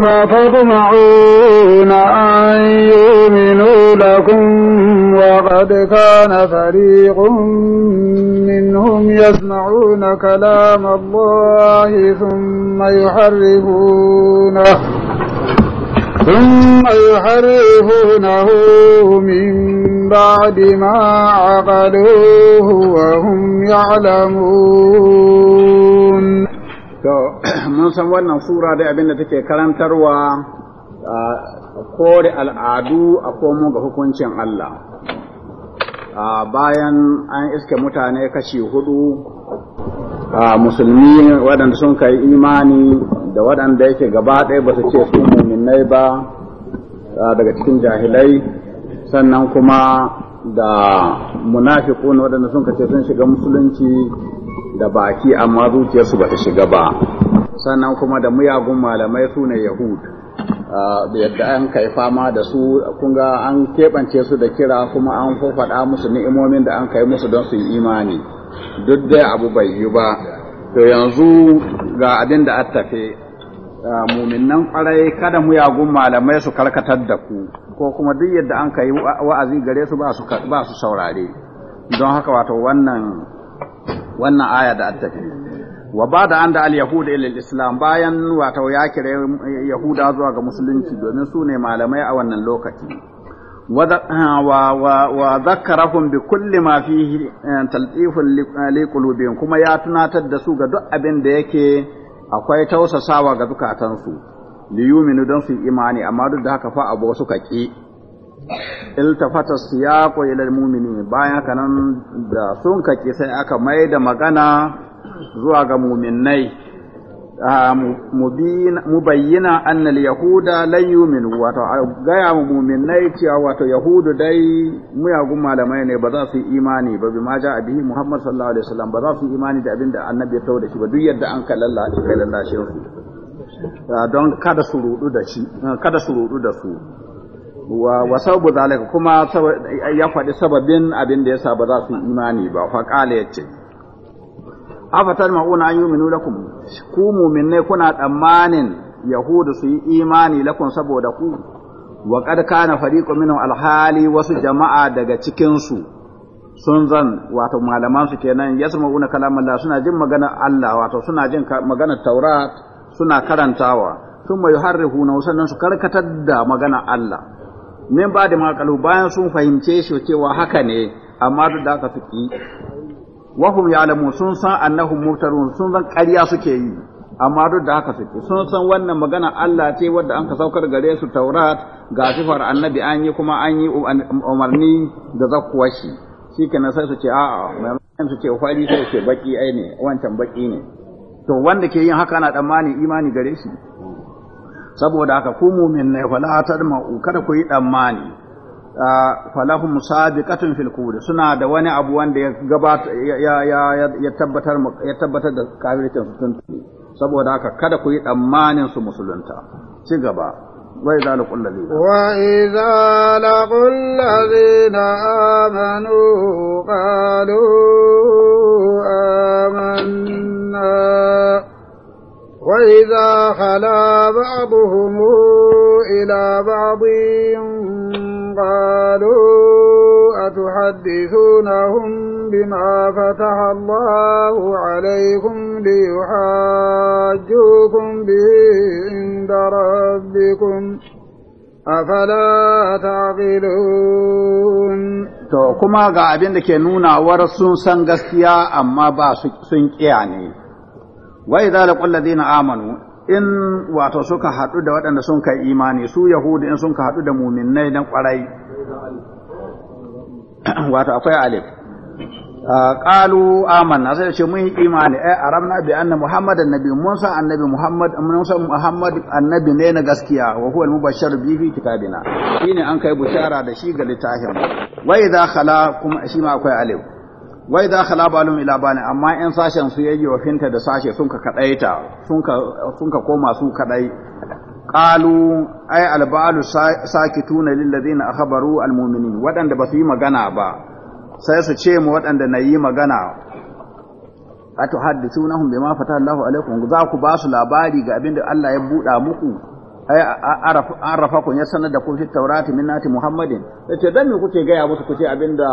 ما تطمعون أن يؤمنوا لكم وقد كان فريق منهم يسمعون كلام الله ثم يحرفونه ثم يحرفونه من بعد ما عقلوه وهم يعلمون To, mun san wannan sura dai abinda take karantarwa kore al'adu a komo ga hukuncin Allah. Bayan an iske mutane kashi hudu, musulmi waɗanda sun kai imani da waɗanda yake gaba ɗaya ba su ce su muminai ba daga cikin jahilai, sannan kuma da munafiƙun waɗanda sun kace sun shiga musulunci da baki amma zuciyarsu ba ta shiga ba sannan kuma da muyagun malamai su ne yahud ah, yadda an kai fama da su ga an keɓance su da kira kuma an faɗa musu ni'imomin da an kai musu don su yi imani duk dai abu bai yi ba to yanzu ga abin da an tafe ah, muminan kwarai kada muyagun malamai su karkatar da ku ko kuma duk yadda an kai wa'azi gare su ba su saurare don haka wato wannan wannan aya da attafi wa ba da an da al-yahuda ila islam bayan wato ya kira yahuda zuwa ga musulunci domin su ne malamai a wannan lokaci wa zakkarahum bi kulli ma fihi eh, taltifun eh, qulubihim kuma ya tunatar da su ga duk abin da yake akwai tausasawa ga zukatansu liyuminu don su imani amma duk da haka fa abu suka ki iltafata siyaqu ila almu'mini bayan haka nan da sun kake sai aka mai da magana zuwa ga mu'minnai mubayyina anna alyahuda yahuda lan yu'minu wato gaya ya mu'minnai cewa wato yahudu dai gun malamai ne ba za su yi imani ba bi ma ja bihi muhammad sallallahu alaihi wasallam ba za su yi imani da abin da annabi ya tawo da shi ba duk yadda an kallalla shi kai lallashin don kada su rudu da shi kada su rudu da su wa sabu zalika kuma ya faɗi sababin abin da yasa ba za su imani ba fa qala yace afatar ma'una an yuminu lakum ku mu'minai kuna tsammanin yahudu su yi imani lakum saboda ku wa qad kana fariqu minhum alhali wasu jama'a daga cikin su sun zan wato malaman su kenan yasma'una Allah suna jin magana Allah wato suna jin magana Taurat suna karantawa ثم يحرفونه sannan su karkatar da maganar Allah min ba da makalu bayan sun fahimce shi cewa haka ne amma duk da aka suki wahum ya'lamu sun san annahum mutarun sun san ƙarya suke yi amma duk da haka suke sun san wannan magana Allah ce wadda an ka saukar gare su Taurat ga sifar annabi an yi kuma an yi um-, umarni da zakkuwar shi shikenan sai su ce a'a mai su ce fari sai su ce baki ai ne wancan baki ne to wanda ke yin haka na tsammani imani gare shi saboda haka ku mumin ne fala tadma'u kada ku yi damani lahum sabiqatun fil kubur suna da wani abu wanda ya gabata ya ya tabbatar ya tabbatar da kafircin sun saboda haka kada ku yi tsammanin su musulunta ci gaba wa idza laqul ladina wa idza laqul ladina amanu qalu amanna وإذا خلا بعضهم إلى بعض قالوا أتحدثونهم بما فتح الله عليكم ليحاجوكم به عند ربكم أفلا تعقلون To, kuma ga abin da ke nuna war sun san gaskiya amma ba sun ƙiya ne. wa idza laqul ladina amanu in wato suka haɗu da waɗanda sun kai imani su yahudi in sun ka haɗu da muminai dan kwarai wato akwai alif qalu amanna sai ce mun imani ai arabna bi anna muhammadan nabi Musa annabi muhammad mun muhammad annabi ne na gaskiya wa huwa al-mubashshar bi fi kitabina shine an kai bushara da shi ga littafin wa idza khala kuma shi ma akwai alif wai da khala balum ila bani amma in sashen su yayi wafinta da sashe sun ka kadaita sun ka sun ka koma su kadai qalu ay albalu sakituna lil ladina akhbaru al mu'minin wadanda ba su yi magana ba sai su ce mu wadanda na yi magana atuhaddisunahum bima fata, Allahu alaikum za ku ba su labari ga abinda Allah ya buda muku ai arafa kun ya sanar da ku fi taurati minnati muhammadin sai dan me kuke ga ya musu kuce abinda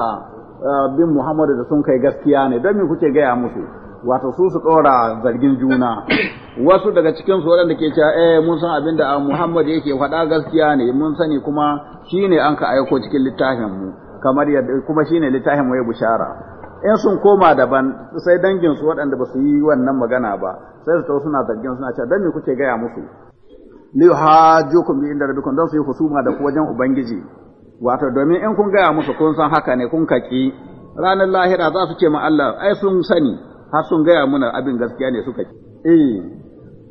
Eh, bin Muhammadu da sun kai gaskiya ne don me kuke gaya musu wato su su ɗora zargin juna wasu daga cikin su waɗanda ke cewa eh mun san abin da ah, Muhammad yake faɗa gaskiya ne mun sani kuma shine an ka aiko cikin littafin mu kamar yadda kuma shine littafin mu ya bushara in sun koma daban sai dangin su waɗanda ba su yi wannan magana ba sai su suna zargin suna cewa don me kuke gaya musu li hajukum bi inda rabbikum don su yi husuma da wajen ubangiji wato domin in kun gaya musu kun san haka ne kun kaki ranar lahira za su ce ma Allah ai sun sani har sun gaya muna abin gaskiya ne suka ki eh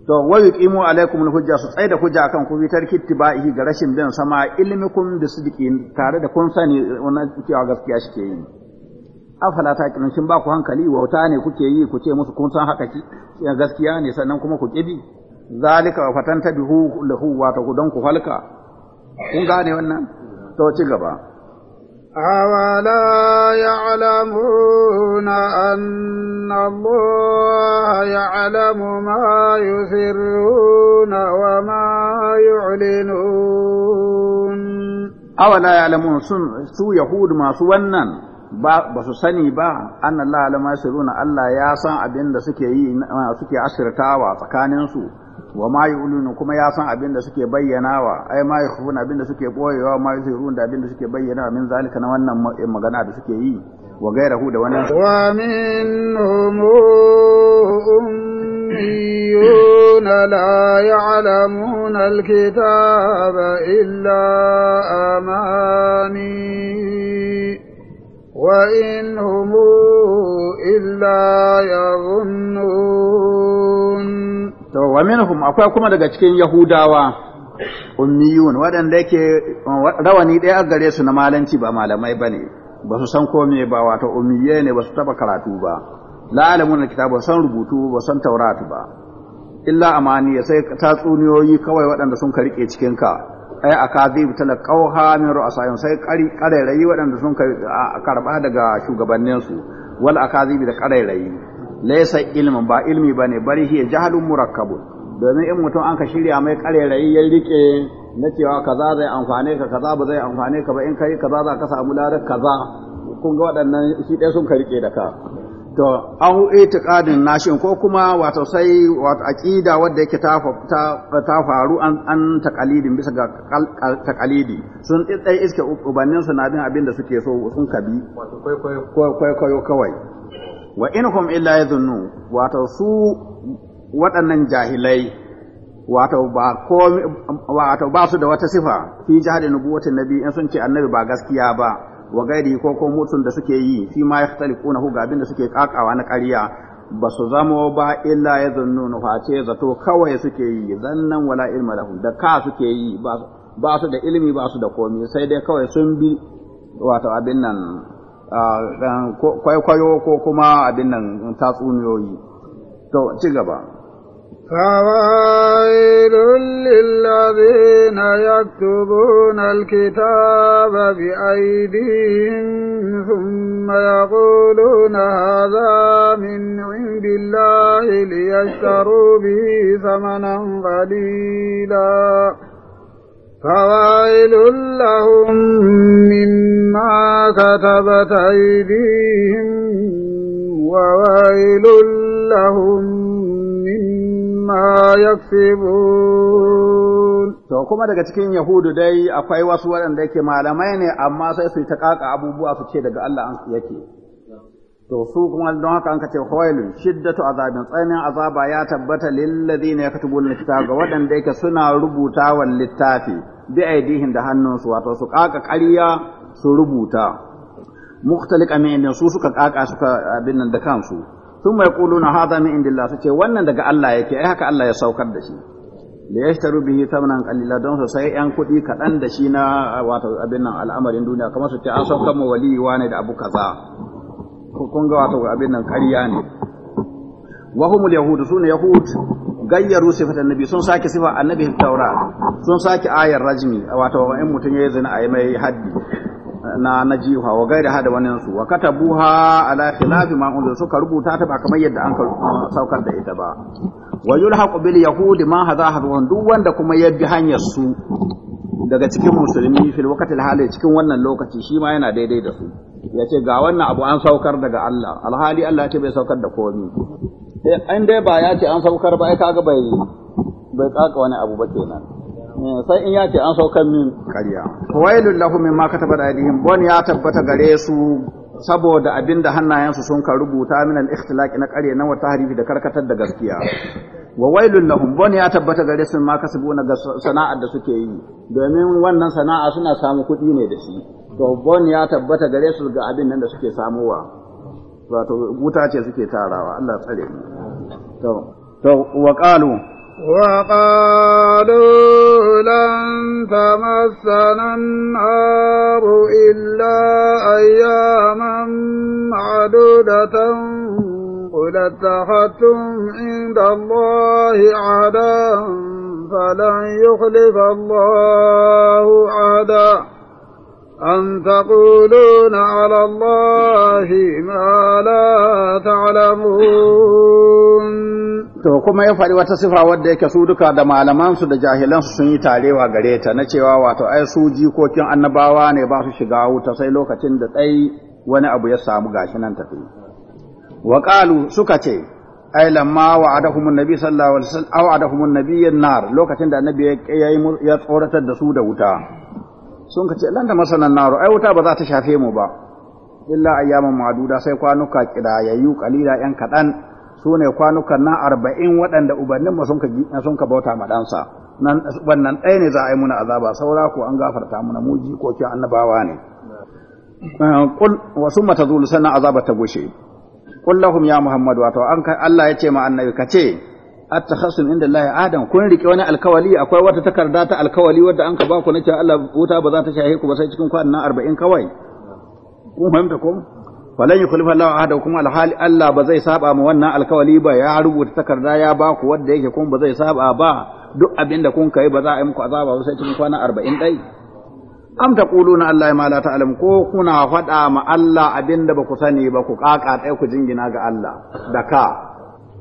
to wa yuqimu alaikum alhujja su tsaida hujja kan ku bitar kittibahi ga rashin bin sama ilmikum da sidiqin tare da kun sani wannan cewa gaskiya shike yi afala ta kin shin ba ku hankali wauta ne kuke yi ku ce musu kun san haka ki gaskiya ne sannan kuma ku kibi zalika wa fatanta bihu lahu wa ta ku don ku halka kun gane wannan ta ci gaba. Awala ya alamu na annabu ya alamu ma yi firuna wa ma yi ulinun. Awala ya alamu su Yahudu masu wannan ba su sani ba an Allah alama ya Allah ya san abin da suke yi suke asirtawa tsakaninsu wa ma yu'linu kuma ya san abin da suke bayyanawa ai ma yakhfuna abin da suke boyewa ma yuzirun da abin da suke bayyanawa min zalika na wannan eh, magana da suke yi wa gairahu da wannan wa min minhum ummiyun la ya'lamun alkitaba illa amani wa inhum illa yadhunnun to wa minhum akwai kuma daga cikin yahudawa ummiyun waɗanda yake uh, rawani ɗaya a gare su na malanci ba malamai bane ba su san kome ba wato ummiye ne ba su taba karatu ba la alamun kitabu san rubutu ba san tauratu ba illa amaniya sai tatsuniyoyi kawai waɗanda sun karike cikin ka ai akazib talaqawha min ru'asayhim sai ƙarairayi waɗanda sun karba daga shugabanninsu wal akazib da ƙarairayi laysa ilmin ba ilmi ne, bari hiya jahalun murakkabun domin in mutum an ka shirya mai karerayi ya rike na cewa kaza zai amfane ka kaza ba zai amfane ka ba in kai kaza za ka samu ladar kaza kun ga waɗannan shi ɗaya sun ka rike da ka to an itiqadin nashin ko kuma wato sai wato aqida wanda yake ta ta faru an an taqalidin bisa ga taqalidi sun tsaye iske ubannin su na bin abin da suke so sun kabi wato kwaikwayo kawai wa inhum illa yadhunnu wato su waɗannan jahilai wato ba ba su da wata sifa fi jihadi nubuwati nabi in sun ce annabi ba gaskiya ba wa gairi ko ko mutun da suke yi fi ma yakhtalifuna hu ga da suke kakawa na ƙarya ba su zamo ba illa na face zato kawai suke yi zannan wala ilma lahum da ka suke yi ba ba su da ilimi ba su da komi sai dai kawai sun bi wato abin nan kwaikwayo ko kuma abin nan tatsuniyoyi to ci gaba فويل للذين يكتبون الكتاب بأيديهم ثم يقولون هذا من عند الله ليشتروا به ثمنا قليلا فويل لهم كتبت أيديهم وويل لهم مما يكسبون to kuma daga cikin yahudu dai akwai wasu waɗanda yake malamai ne amma sai su ta kaka abubuwa su ce daga Allah an yake to su kuma don haka an kace khawailun shiddatu azabin tsanin azaba ya tabbata lil ladina na kitaba ga waɗanda yake suna rubuta littafi bi aidihim da hannunsu wato su ƙaƙa ƙarya su rubuta mukhtalik amin su suka kaka suka abin nan da kansu sun mai kuluna hada min indillah su ce wannan daga Allah yake ai haka Allah ya saukar da shi da ya shitaru bihi tamanan kalila don su sai yan kuɗi kaɗan da shi na wato abin nan al'amarin duniya kamar su ce an saukar ma waliwa ne da abu kaza kun ga wato abin nan ƙarya ne yahud gayyaru سون يهود sun صفة sifa سون ساكي صفة النبي التوراة سون ساكي آية الرجمي واتو إن zina a yi mai haddi. na na jiha wa gaira hada wannan su wa katabuha ala khilafi ma unzila suka rubuta ta ba kamar yadda an ka uh, saukar da ita ba wa yulhaqu bil yahudi ma hadha hadwan duk wanda kuma ya bi hanyar su daga cikin musulmi fil waqtil hali cikin wannan lokaci shi ma yana daidai da su yace ga wannan abu an saukar daga Allah alhali Allah ce bai saukar da komai sai eh, an dai ba ya ce an saukar ba ai kaga bai bai kaka wani abu ba kenan Eh, sai in ya ce an saukar min ƙarya wailul lahum mimma katabat aydihim bon ya tabbata gare su saboda abinda hannayensu sun ka rubuta min al-ikhtilaq na ƙarya na wata harifi da karkatar da gaskiya wa wailul lahum bon ya tabbata gare su ma kasabu na sana'ar da suke yi domin wannan sana'a suna samu kuɗi ne da shi to bon ya tabbata gare su ga abin nan da suke samuwa wato wuta ce suke tarawa Allah tsare mu to to wa qalu وقالوا لن تمسنا النار إلا أياما معدودة قل اتخذتم عند الله عدا فلن يخلف الله عدا أن تقولون على الله ما لا تعلمون to kuma ya faɗi wata sifa wadda yake su duka da malamansu da jahilansu sun yi tarewa gare ta na cewa wato ai su jikokin annabawa ne ba su shiga wuta sai lokacin da tsayi wani abu ya samu gashi nan tafi wa qalu suka ce ai lamma wa'adahum annabi sallallahu alaihi wasallam aw adahum annabi nar lokacin da annabi ya tsoratar da su da wuta sun ka ce lan da masanan naru ai wuta ba za ta shafe mu ba illa ayyaman maduda sai kwanuka kidayayyu qalila yan kaɗan. su ne kwanukan na arba'in waɗanda ubannin sun ka bauta ma ɗansa wannan ɗaya ne za a yi muna azaba saura ko an gafarta muna mu jikokin annabawa ne eh, wasu mata zulu sannan azaba ta gushe kullahum lahum ya muhammad wato an Allah ya ce ma annabi ka ce attakhasum inda Allah adam kun riƙe wani alkawali akwai wata takarda ta alkawali wadda an ka ba ku na cewa Allah wuta ba za ta shahe ku ba sai cikin kwanan arba'in kawai kun fahimta ko falan kuli lawa ahada kuma alhali Allah ba zai saba ma wannan alkawali ba ya rubuta takarda ya ba ku wanda yake kun ba zai saba ba duk abin da kun kai ba za a yi muku azaba ba sai cikin kwana arba'in dai am taquluna Allah ma la ta'lam ko kuna faɗa ma Allah abin da ba ku sani ba ku kaka ɗaya ku jingina ga Allah da ka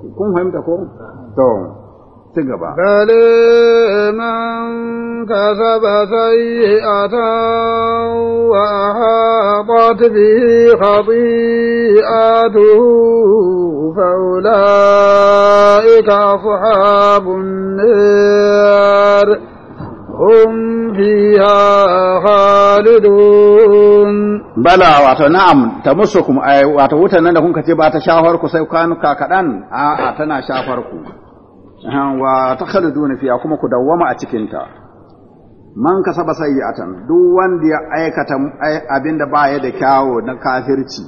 kun fahimta ko to ci gaba. Bale man a sayyi'atan wa haɓat bihi khati'atuhu fa ula'ika ashabun nar hum fiha halidun. Bala wato na'am ta musu kuma wato wutan nan da kuka ce ba ta shafar ku sai kwanuka kaɗan a'a tana shafar ku. wa takhaluduna fiya kuma ku dawwama a cikin ta man kasaba sayyatan duk wanda ya aikata abinda baya da kyawo na kafirci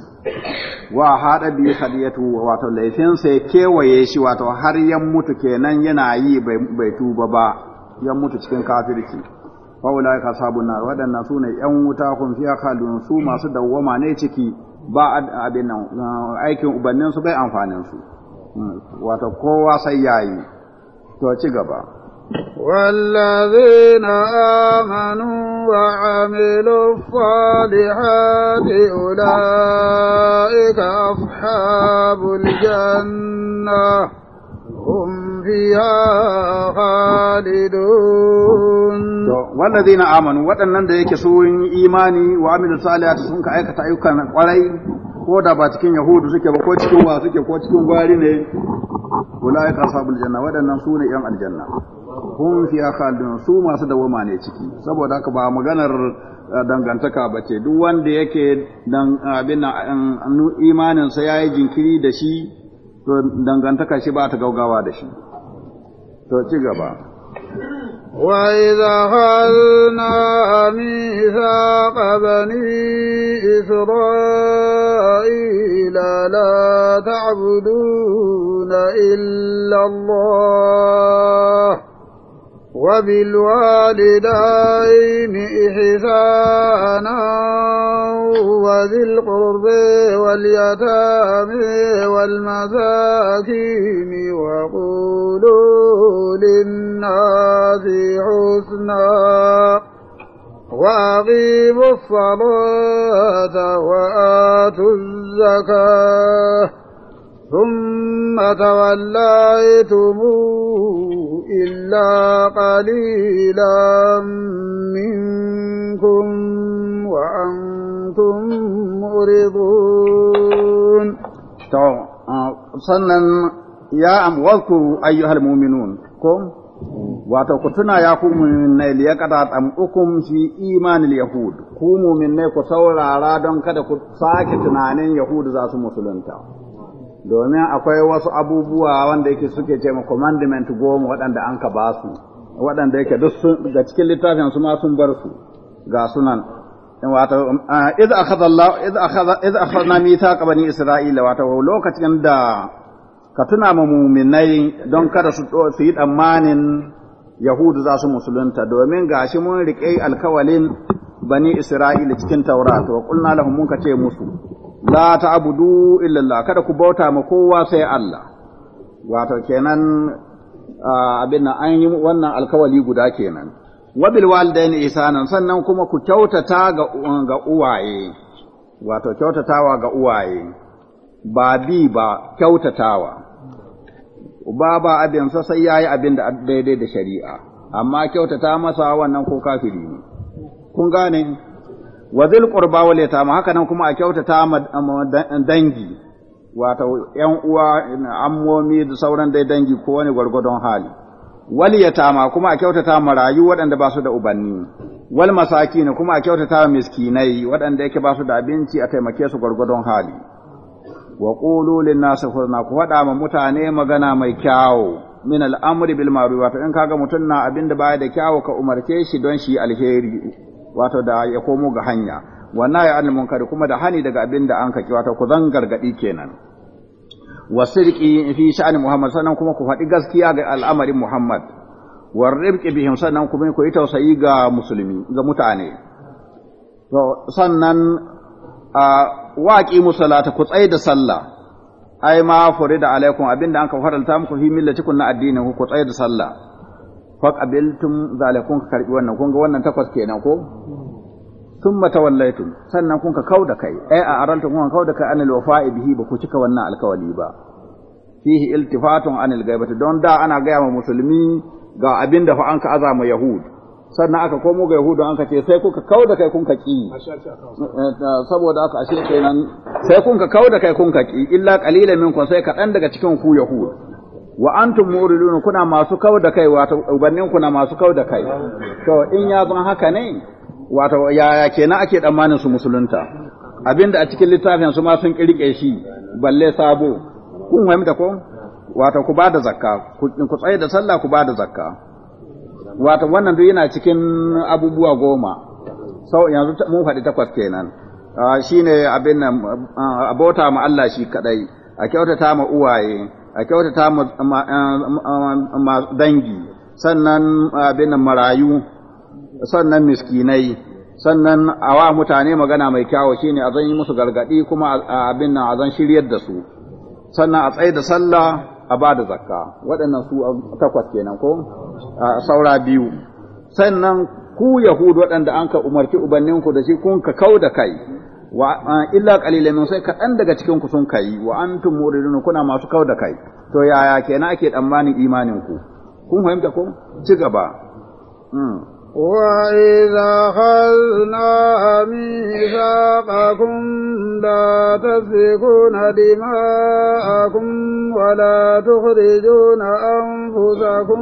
wa hada bi hadiyatu wato laifin sai kewaye shi wato har ya mutu kenan yana yi bai tuba ba ya mutu cikin kafirci fa ulai ka sabun nar wadannan sune yan wuta kun fiya khalun su masu dawwama ne ciki ba abin nan aikin ubannin su bai amfanin su hmm, wato kowa sai yayi to ci gaba والذين آمنوا وعملوا الصالحات أولئك أصحاب الجنة هم فيها خالدون والذين آمنوا وأنن da yake sun imani wa amilu salihati sun ko da ba cikin yahudu suke ba ko cikin wa suke ko cikin gwari ne ulai ka janna wadannan su ne yan aljanna hum fi khalidun su masu dawama ne ciki saboda haka ba maganar eh, dangantaka ba ce duk wanda yake dan abin imanin sa yayi jinkiri da shi to dangantaka shi ba ta gaugawa da shi to ci gaba وإذا أخذنا ميثاق بني إسرائيل لا تعبدون إلا الله وبالوالدين إحسانا وذي القرب واليتامى والمساكين وقولوا للناس حسنا وأقيموا الصلاة وآتوا الزكاة ثم توليتم إلا قليلا منكم وأنتم معرضون sannan ya am waku ayyuhal mu'minun ko wato ku tuna ya ku ne li yaqata am ukum fi imanil yahud ku mu'minai ku saurara don kada ku sake tunanin yahudu za su musulunta domin akwai wasu abubuwa wanda yake suke ce commandment goma waɗanda an ka ba su waɗanda yake duk ga cikin littafin su ma sun bar su ga sunan wato iz akhadha Allah iz akhadha iz akhadna mithaqa bani isra'ila wato lokacin da ka tuna ma mu'minai don kada su su yi tsammanin yahudu za su musulunta domin gashi mun riƙe alkawalin bani isra'ila cikin taurat wa qulna lahum mun ka ce musu la ta'budu illa Allah kada ku bauta ma kowa sai Allah wato kenan abin nan an yi wannan alkawali guda kenan wabil walidaini ihsanan sannan kuma ku kyautata ga ga uwaye wato kyautatawa ga uwaye ba bi ba kyautatawa uba ba abin sa sai yayi abin da daidai da shari'a amma kyautata masa wannan ko kafiri ne kun gane wa zil qurba wal yatama haka nan kuma a kyautata ma dangi wato yan uwa ammomi da sauran dai dangi ko wani gwargwadon hali wal yatama kuma a kyautata marayu waɗanda ba su da ubanni wal masakin kuma a kyautata miskinai waɗanda yake ba su da abinci a taimake su gwargwadon hali wa qulu lin nasi husna ku faɗa ma mutane magana mai kyawu min amri bil ma'ruf wato in kaga mutum na abinda baya da kyawu ka umarce shi don shi alheri wato da ya komo ga hanya wannan ya anil munkari kuma da hani daga abin an kaki wato ku zan gargadi kenan wa fi sha'ani muhammad sannan kuma ku faɗi gaskiya ga al'amarin muhammad wa ribqi bihim sannan kuma ku yi tausayi ga musulmi ga mutane to sannan a waqi musallata ku tsaye da sallah ai ma furida alaikum abinda an ka faranta muku fi millatikum na addinin ku tsaye da sallah faqabiltum zalikum ka karɓi wannan kun ga wannan takwas kenan ko thumma tawallaitum sannan kun ka kau da kai ai eh, a aralta kun da kai anil wafa'i bihi ba ku cika wannan alkawali ba fihi iltifatun anil ghaibati don da ana gaya ma musulmi ga abin da fa an ka azama yahud sannan aka komo ga yahudu an ka ce sai kuka kau da kai kun ka ƙi. Eh, saboda aka ashe kenan sai kun ka da kai kun ka ƙi, illa qalilan minkum sai kaɗan daga cikin ku yahud wa antum muridun kuna masu kau da kai wato ubannin kuna masu kau da kai to in ya zan haka ne wato yake kenan ake tsammanin su musulunta abinda a cikin littafin su ma sun kirke shi balle sabo kun da ko wato ku bada zakka ku tsaye da sallah ku bada zakka wato wannan duk yana cikin abubuwa goma sau yanzu mun faɗi takwas kenan ah, shine abin nan ah, abota ma Allah shi kadai a kyautata ma uwaye a kyautata eh, dangi sannan abin marayu sannan miskinai sannan a wa mutane magana mai kyawo shine a zan yi musu gargadi kuma abin nan a zan shiryar da su sannan a tsaye da sallah a ba da zakka waɗannan su um, takwas kenan ko A saura biyu sannan ku yahudu waɗanda an ka umarci ubanninku da shi kun ka kau da kai wa ah, illa qalila min sai kaɗan daga cikin ku sun kai wa antum muridun kuna masu kau da kai to yaya kenan ake tsammanin imanin ku kun fahimta ko ci gaba وإذا أخذنا ميثاقكم لا تسفكون دماءكم ولا تخرجون أنفسكم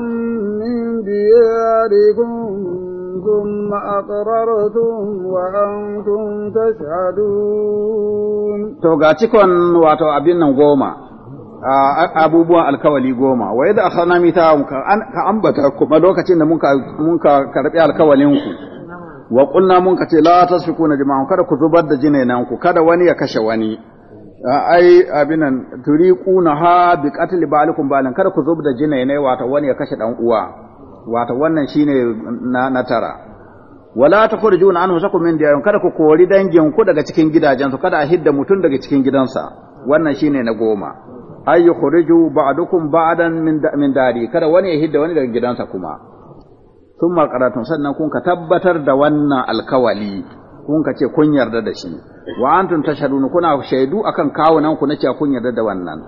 من دياركم ثم أقررتم وأنتم تشهدون توقع تكون واتو أبين غوما abubuwan alkawali goma wa yadda akhadna mithaqakum ka ambata kuma lokacin da muka muka karbi alkawalin ku wa qulna mun kace la na jama'a, kada ku zubar da jinainan ku kada wani ya kashe wani ai abinan turiquna ha bi qatl balikum balan kada ku zubar da jinainai wata wani ya kashe dan uwa wato wannan shine na na tara wala takhruju anhu sakum min diyarun kada ku kori dangin ku daga cikin gidajensu kada a hidda mutum daga cikin gidansa wannan shine na goma ayu yukhriju ba'dukum ba'dan min min dari kada wani ya hidda wani daga gidansa kuma thumma qaratun sannan kun ka tabbatar da wannan alkawali kun ka ce kun yarda da shi wa antum tashhadun kuna shaidu akan kawunan ku na cewa kun yarda da wannan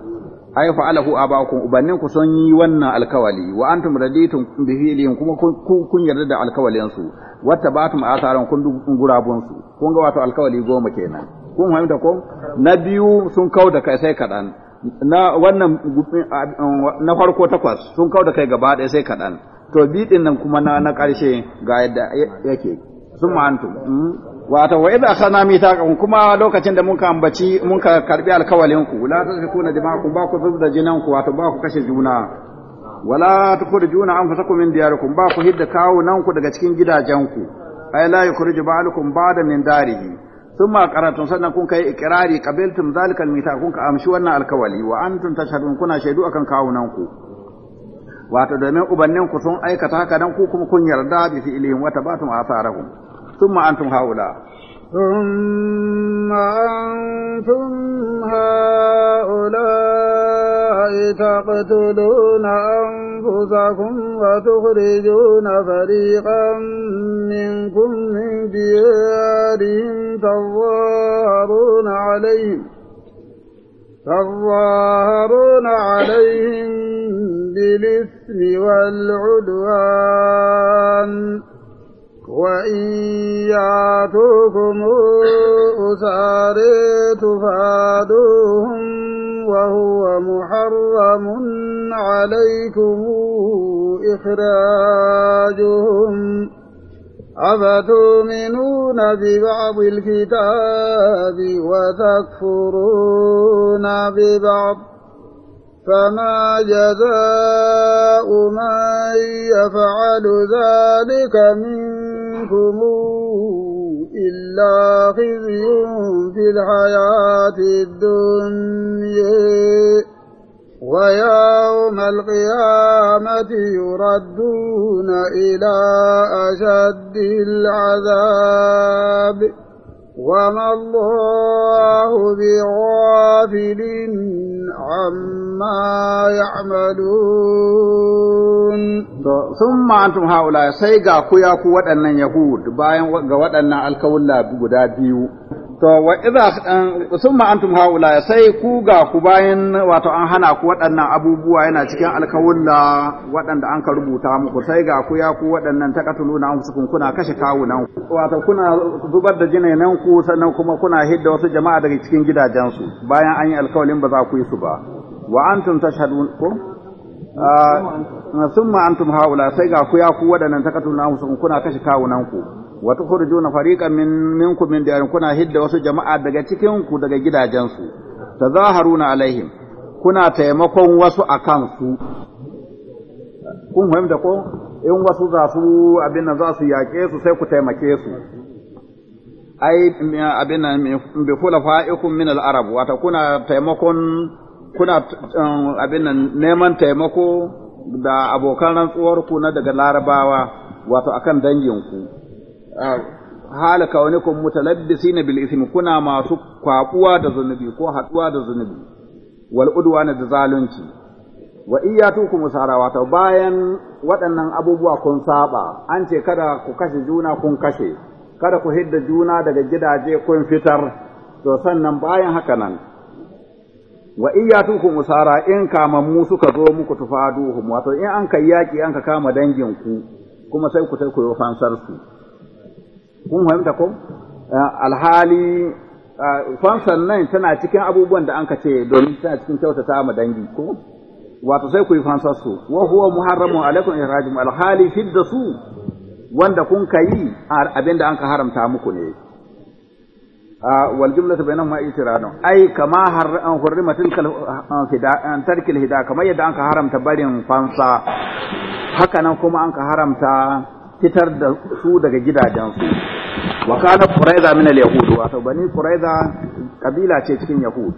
ai fa'alahu abakum ubanninku ku sun yi wannan alkawali wa antum raditum bi fi'lihim kuma kun yarda da alkawalin su wata batum asaran kun gurabun su kun ga wato alkawali goma kenan kun fahimta ko na biyu sun da kai sai kadan na wannan na farko takwas sun da kai gaba ɗaya sai kadan to bi din nan kuma na na karshe ga yadda yake sun antum hmm? wato wa idza akhadna mithaqakum kuma lokacin da mun ka ambaci mun ka karbi alkawalin ku la tasfikuna dima'akum ba ku zubda jinan ku wato ba ku kashe juna wala tukhrijuna anfusakum min diyarikum ba ku hidda kawo nan ku daga cikin gidajen ku ay la yukhriju ba'alukum ba'da min darihi thumma qaratun sannan kun kai iqrari qabiltum zalikal mithaq kun ka amshi wannan alkawali wa antum tashhadun kuna shaidu akan kawo nan ku wato domin ubannin ku sun aikata haka nan ku kuma kun yarda bi fi'lihim wa tabatum asarahum ثم أنتم هؤلاء ثم أنتم هؤلاء تقتلون أنفسكم وتخرجون فريقا منكم من ديارهم تظاهرون عليهم تظاهرون عليهم بالإثم والعدوان وإن ياتوكم أساري تفادوهم وهو محرم عليكم إخراجهم أفتؤمنون ببعض الكتاب وتكفرون ببعض فما جزاء من يفعل ذلك منكم إلا خزي في الحياة الدنيا ويوم القيامة يردون إلى أشد العذاب وما الله بغافل عما يعملون ثم أنتم هؤلاء سيقا كياكو ودنا يهود باين ودنا الكولا بقدا بيو to wa idza eh, summa antum haula sai ku ga ku bayan wato an hana ku waɗannan abubuwa yana cikin alkawulla waɗanda an ka rubuta muku sai ga ku ya ku waɗannan taqatuluna kun kuna kashe nan wato kuna zubar da nan ku sannan kuma kuna hidda wasu jama'a daga cikin gidajensu bayan an yi alkawalin ba za ku yi su ba wa antum tashhadun ko eh, summa antum haula sai ga ku ya ku waɗannan taqatuluna kun kuna kashe nan ku wa juna fariƙa min minku min diyarin kuna hidda wasu jama'a daga cikin ku daga gidajensu tazaharuna alaihim kuna taimakon wasu a su kun fahimta ko in wasu za su abin nan za su yaƙe su sai ku taimake su ai abin nan bi khulafa'ikum min al-arab wata kuna taimakon kuna um, abin nan neman taimako da abokan rantsuwar ku na daga larabawa wato akan danginku halaka wani kun na bil ismi kuna masu kwaɓuwa da zunubi ko haduwa da zunubi wal udwana da zalunci wa tuku musara, ta bayan waɗannan abubuwa kun saba an ce kada ku kashe juna kun kashe kada ku hidda juna daga gidaje kun fitar to sannan bayan haka nan wa tuku musara in kamammu suka zo muku tufaduhum wato in an kai yaki an ka kama dangin ku kuma sai ku sai ku fansar su kun fahimta ko eh, alhali fansan eh, nan tana cikin abubuwan da an ka ce domin tana cikin kyautata ma dangi ko wato sai ku yi fansar su wa huwa muharramun alaikum ihrajum alhali fidda su wanda kun kai abin da an ka haramta muku ne ah, wal bainan bainahuma itiranu ai kama an eh, hurrima tilkal an tarkil hida kamar yadda an ka haramta barin fansa haka nan kuma an ka haramta fitar da su daga gidajensu wa kana quraiza min al-yahud to bani quraiza kabila ce cikin yahud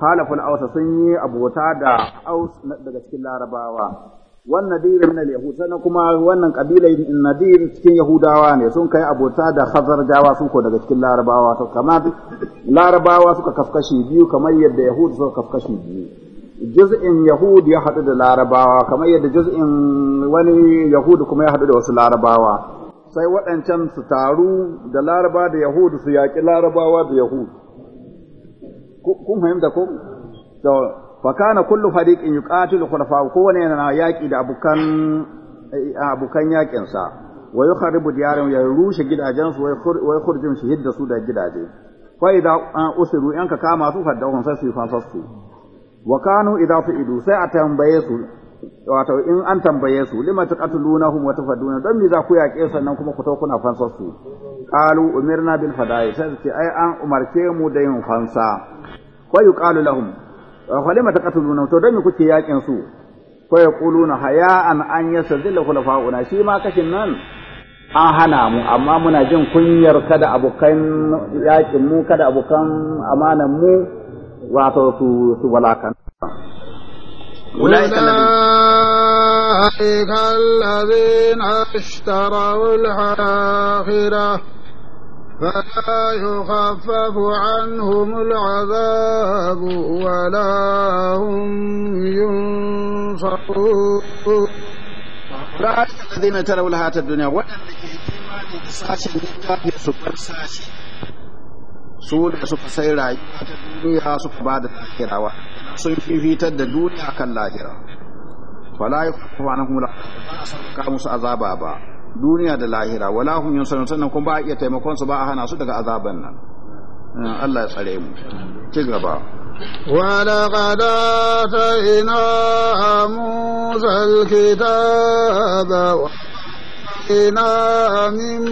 halaful ausa sun yi abota da aus daga cikin larabawa wannan nadir min al-yahud sannan kuma wannan kabila nadir cikin yahudawa ne sun kai abota da jawa sun ko daga cikin larabawa to kamar larabawa suka kafkashi biyu kamar yadda yahud suka kafkashi biyu juz'in yahud ya hadu da larabawa kamar yadda juz'in wani yahud kuma ya hadu da wasu larabawa sai waɗancan su taru da laraba da yahudu su yaƙi larabawa da yahudu kun fahimta ko to fa kana kullu fariqin yuqatilu khulafa wani yana yaƙi da abukan eh, abukan yaƙin sa wa yukharibu diyaran ya rushe gidajen su wa yukhrijum shahid da su da gidaje fa idza ah, usiru in ka kama su faddahum sai su fansasu wa kanu idza idu sai a tambaye su wato in an tambaye su lima ta hun wata faduna don mi za ku yaƙe sannan kuma ku to kuna fansar su qalu umirna bin fada'i sai ce ai an umarce mu da yin fansa wa yuqalu lahum wa lima na to don mi kuke yaƙin su ko yaquluna haya an yasdilla khulafa'una shi ma kashin nan an hana mu amma muna jin kunyar kada abokan yaƙin mu kada abokan amanan mu wato su su walakan أولئك أولئك الذين اشتروا الآخرة فلا يخفف عنهم العذاب ولا هم ينصرون أولئك الذين تروا لها الدنيا وأن sashen littafin su bar سورة su da suka sai rayuwa ta sun fifitar da duniya kan lahira wala yukhaffafu anhum la ka musu azaba ba duniya da lahira wala hum yunsarun sannan kuma ba a iya taimakon su ba a hana su daga azaban nan eh, Allah ya tsare mu ci gaba Wala ولقد آتينا موسى الكتاب وإنا من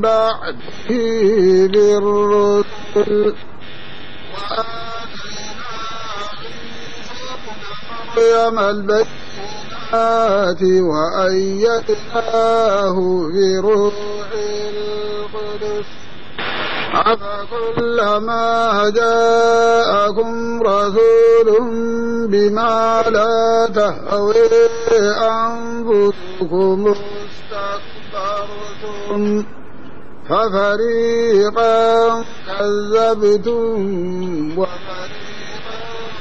بعده للرسل مريم البيت وأيدناه بروح القدس أفكلما جاءكم رسول بما لا تهوي أنفسكم استكبرتم ففريقا كذبتم وفريقا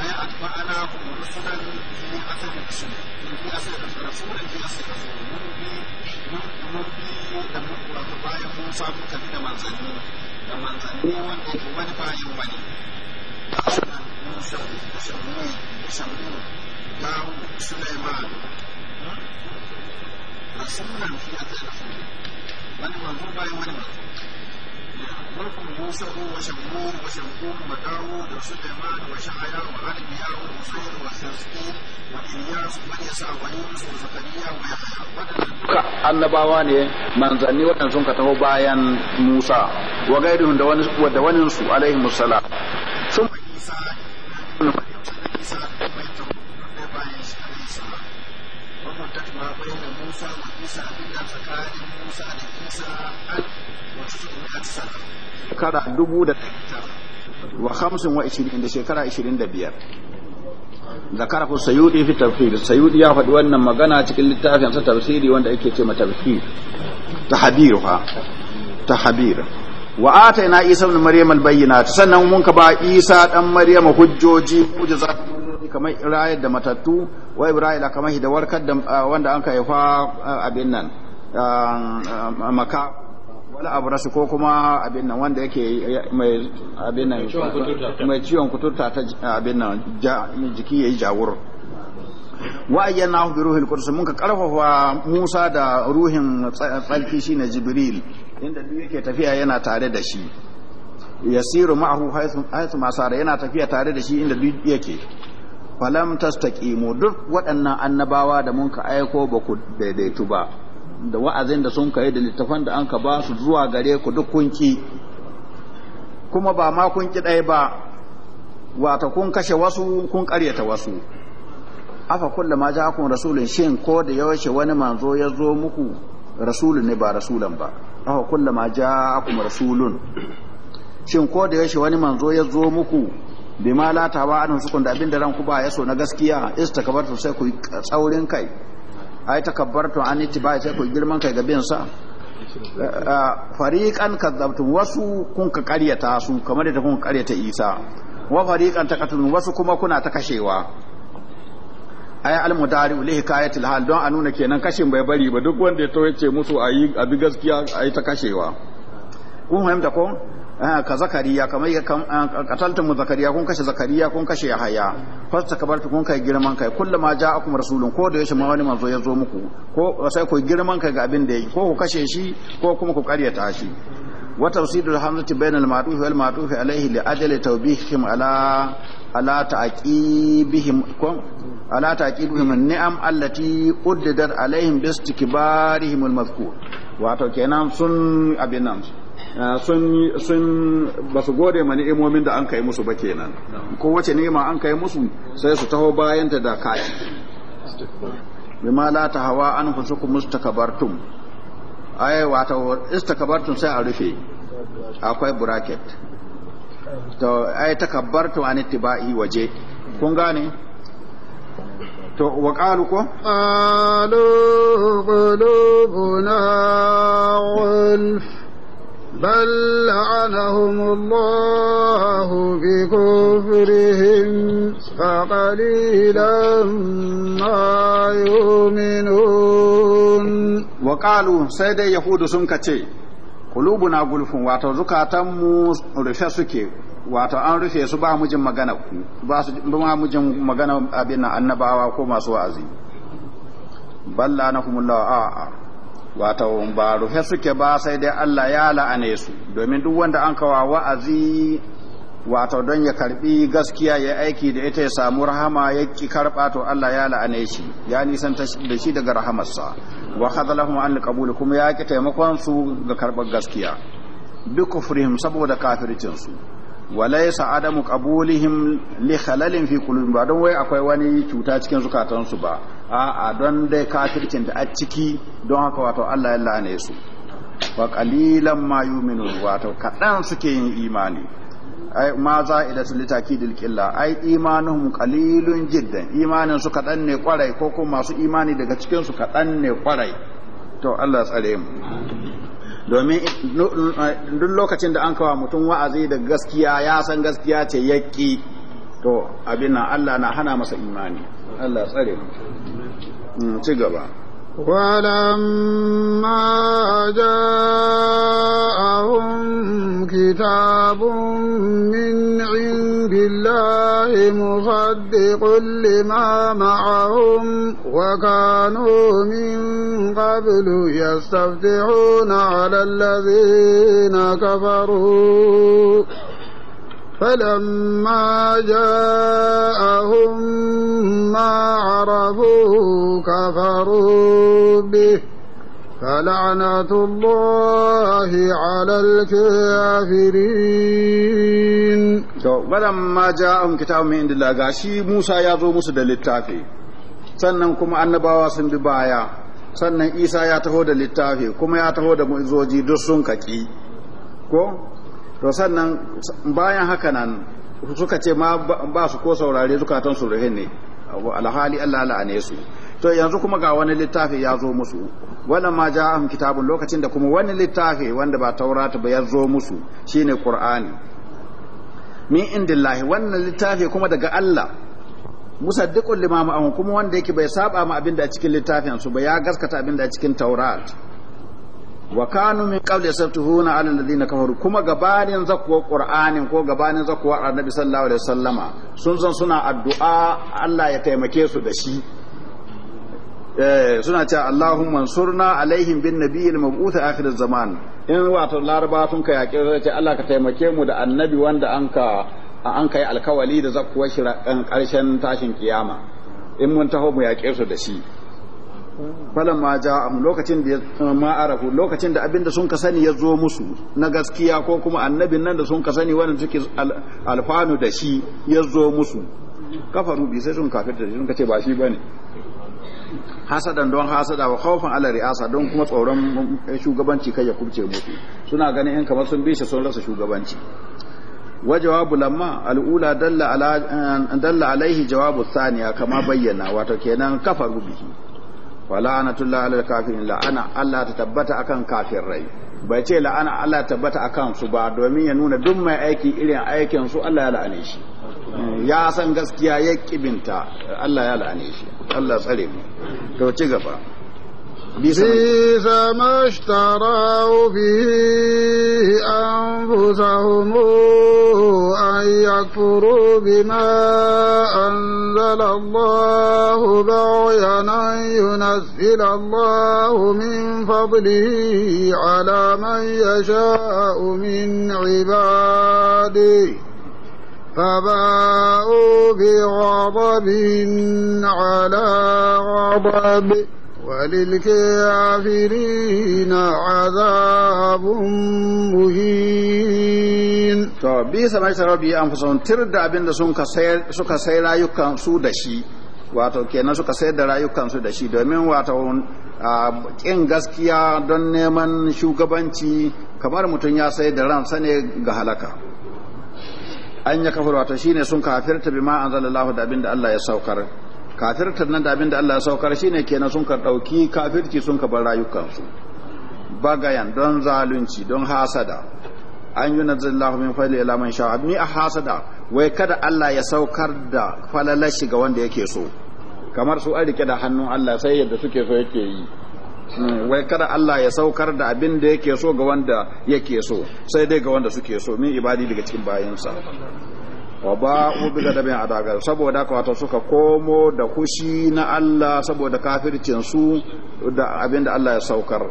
أي أتبعناهم رسلا في أثر رسول في أثر رسول في أثر رسول da wato bayan Musa muka bi da manzanni da manzanni wanda ke wani da sunan وملك يوسف وشمور وشمقوم وداود وسليمان وشعيا وغلبيا وعزير وسلسطين وإلياس ومنيسا ويونس وزكريا ويحيى annabawa ne manzanni waɗanda sun ka taho bayan Musa wa gairihun da wani da wani su alaihi musala sun Isa Isa موسى وعيسى بنا فكان موسى لعيسى wa وتسعمائة Da fi ya faɗi wannan magana cikin littafin sa tafsiri wanda yake ce mata tafsir tahbiruha tahbir wa ataina isa ibn maryam al bayyinat sannan mun ka ba isa dan maryam hujjoji hujjazat kamar rayar da matattu wa ibrahim kamar shi da warkar da ah, wanda an kaifa ah, abin nan ah, maka wani abu rasu ko kuma abin nan wanda yake mai abin nan mai ciwon kuturta ta abin nan jiki ya yi jawur wa ayyana bi ruhil qudus mun ka karfafa Musa da ruhin tsarki shine Jibril inda duk yake tafiya yana tare da shi yasiru ma'ahu haythu masara yana tafiya tare da shi inda duk yake falam tastaqimu duk waɗannan annabawa da mun ka aiko ba ku daidaitu ba da wa'azin da sun kai da littafan da an ka ba su zuwa gare ku duk kun ki kuma ba ma kun ki ɗaya ba wata kun kashe wasu kun ƙaryata wasu afa ja ja'akum rasulun shin ko da yaushe wani manzo ya zo muku rasulun ne ba rasulan ba afa kullama ja'akum rasulun shin ko da yaushe wani manzo ya zo muku bima la ta ba an sukun da abinda ranku ba ya so na gaskiya istakabartu sai ku tsaurin kai ai takabbartu an itiba sai ku girman kai ga bin sa eh, eh, fariqan kadzabtum wasu kun ka karyata su kamar da kun karyata Isa wa fariqan takatun wasu kuma kuna ta kashewa ay al mudari li kayatul hal don a nuna kenan kashin bai bari ba duk wanda ya to yace musu ayi abi gaskiya ayi ta kashewa kun fahimta ko Ah, ka zakariya kamar ya ah, katalta mu zakariya kun kashe zakariya kun kashe yahaya fasta kabar kun kai girman kai kullum ma ja akum rasulun ko da yashi ma wani manzo ya zo muku ko sai ku girman kai ga abin da yake ko ku kashe shi ko kuma ku ta shi wa tafsidul hamzati bainal ma'ruf wal ma'ruf alaihi li ajali tawbihim ala ala ta'qibihim kun ala ta'qibihim ni'am allati uddat alaihim bistikbarihim al mazkur wato kenan sun abinan Ah, sun ba su gode ma ni'imomin da an kai musu ba kenan ko wace ni'ima an kai musu sai su taho bayanta da kaci bima la ta hawa an musu mustakabartum ai wato istakabartum sai a rufe akwai bracket to ai takabbartu an ittiba'i waje kun gane to wa qalu ko alu qulubuna ulf بل لعنهم الله بكفرهم فقليلا ما يؤمنون وقالوا سيد يهود سنكتي قلوبنا غلف واتو زكاتم rufe suke wato an rufe su ba mujin magana ku su ba mujin magana abin annabawa ko masu wa'azi balla nahumullahu a'a wata ba rufe suke ba sai dai Allah ya la'ane su domin duk wanda an kawa wa'azi wato don ya karbi gaskiya ya aiki da ita ya samu rahama ya ki karba to Allah ya la'ane shi ya nisan da shi daga rahamarsa wa khadalahum an qabul kuma ya ki taimakon su ga karbar gaskiya bi kufrihim saboda kafircin su walaysa adamu qabulihim li khalalin fi qulubihim ba don wai akwai wani cuta cikin zukatansu ba a'a don dai kafircin da a ciki don haka wato Allah ya lane su wa qalilan ma yu'minu wato kadan suke yin imani ai ma za'idatu litakidil qilla ai imanuhum qalilun jiddan imanin su kadan ne kwarai ko kuma masu imani daga cikin su kadan ne kwarai to Allah tsare mu domin duk lokacin da an kawo mutum wa'azi da gaskiya ya san gaskiya ce yaki to abin nan Allah na hana masa imani Allah tsare mu ولما جاءهم كتاب من عند الله مصدق لما معهم وكانوا من قبل يستفتحون على الذين كفروا فلما جاءهم ما عرفوا كفروا به فلعنة الله على الكافرين to balamma ja'ahum kitabun min indillah gashi Musa ya zo musu da littafi sannan kuma annabawa sun bi baya sannan Isa ya taho da littafi kuma ya taho da mu'izoji duk sun kaki ko to sannan bayan haka nan suka ce ma ba su ko saurare zukatan su rahin ne alhali Allah la'ane su to yanzu kuma ga wani littafi ya zo musu wannan ma ja'ahum kitabun lokacin da kuma wani littafi wanda ba taurata ba ya zo musu shine qur'ani min indillahi wannan littafi kuma daga Allah musaddiqul lima an kuma wanda yake bai saba ma abinda a cikin littafin su ba ya gaskata abinda a cikin taurat wa kanu min qabl yasaftuhuna ala alladhina kafaru kuma gabanin zakwa qur'anin ko gabanin zakwa annabi sallallahu alaihi wasallama sun san suna addu'a Allah ya taimake su da shi eh suna cewa Allahumma ansurna alaihim bin nabiyil mab'uth akhir zaman in wato laraba sun kai yaƙi sai ce Allah ka taimake mu da annabi wanda ka an kai alkawali da zakwa shi karshen tashin kiyama in mun taho mu yaƙe su da shi ma ja a lokacin da eh, ma arafu lokacin da abinda sun ka sani ya zo musu na gaskiya ko kuma annabin nan da sun ka sani wani suke alfanu da shi ya zo musu kafaru bi sai sun shi sun ka ce ba shi ba ne. hasadan don hasada wa kawafin ala ri'asa don kuma tsoron shugabanci kai ya kubce musu suna ganin in kamar sun bi shi sun rasa shugabanci Wa jawabu lamma al'ula dalla eh, alaihi jawabu saniya kama bayyana بينا kenan kafa به fala'anatullah alal kafirin la'ana Allah ta tabbata akan rai bai ce la'ana Allah ta tabbata akan su ba domin ya nuna duk mai aiki irin aikin su Allah ya la'ane shi ya san gaskiya ya kibinta Allah ya la'ane shi Allah tsare mu to ci gaba بئس ما اشتروا به أنفسهم أن يكفروا بما أنزل الله بغينا ينزل الله من فضله على من يشاء من عباده فباءوا بغضب على غضب وللكافرين عذاب مهين to bi sama shi rabbi an fusa tir da abin da sun suka sai rayukan su da shi wato kenan suka sai da rayukan su da shi domin wato kin gaskiya don neman shugabanci kamar mutum ya sai da ransa ne ga halaka an ya kafar wato shine sun kafirta bima anzalallahu da abin da Allah ya saukar kafirtar nan da abin da Allah ya saukar shine kenan sun ka dauki kafirci sun ka bar rayukansu bagayan don zalunci don hasada an yi nazillahu min fali ila man sha'a ni a hasada wai kada Allah ya saukar da falalar shi ga wanda yake so kamar su an rike da hannun Allah sai yadda suke so yake yi wai kada Allah ya saukar da abin da yake so ga wanda yake so sai dai ga wanda suke so min ibadi daga cikin bayansa wa ba ba'u bi gadabin adaga saboda ka wato suka komo da kushi na Allah saboda kafircin su da abinda Allah ya saukar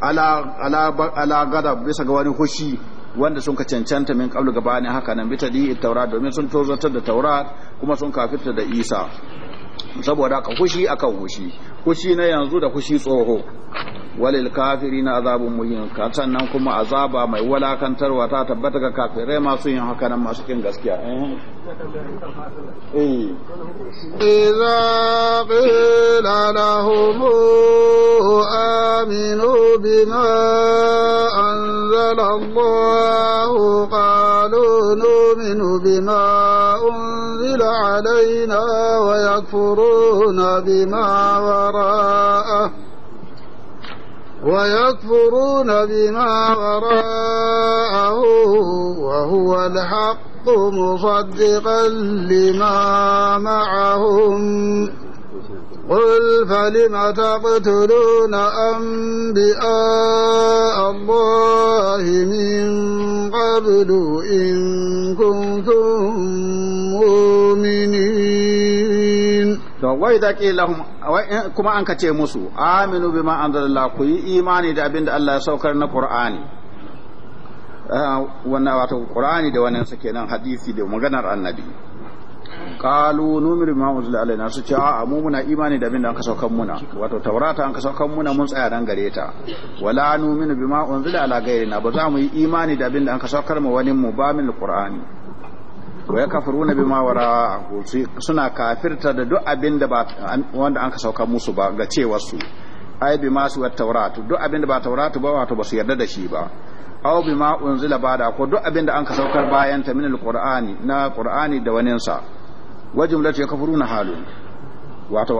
ala ala ala gada bisa ga wani kushi wanda sun ka cancanta min kablu gabani haka nan bita di taurat domin sun ta da taurat kuma sun kafirta da isa saboda ka kushi akan kushi fushi na yanzu da fushi tsoho walil kafiri na azabun muhin sannan kuma azaba mai walakantarwa ta tabbata ga kafirai masu yin haka nan masu kin gaskiya إذا eh. قيل bima آمنوا بما أنزل الله قالوا نؤمن بما أنزل علينا ويكفرون بما وراءه ويكفرون بما وراءه وهو الحق مصدقا لما معهم قل فلم تقتلون أنبياء الله من قبل إن كنتم مؤمنين to wai da ke lahum kuma an kace musu aminu bima anzalallah ku yi imani da abinda Allah ya saukar na Qur'ani ah, wannan wato Qur'ani da wannan sake nan hadisi da maganar annabi qalu numir ma unzila alaina su ce a'a mu muna imani da abinda da aka saukar muna wato taurata an ka saukar muna mun tsaya dan gare ta wala numinu bima unzila ala gairina ba za mu yi imani da abinda an ka saukar mu wani mu ba min qur'ani wa yakfuruna bima wara suna kafirta da duk abin da ba wanda an ka sauka musu ba ga cewarsu ai bi masu at tauratu duk abin da ba tauratu ba wato ba su yarda da shi ba aw ma unzila bada ko duk abin da an ka saukar bayan ta min qurani na qur'ani da wani sa wa jumlatu yakfuruna halun wato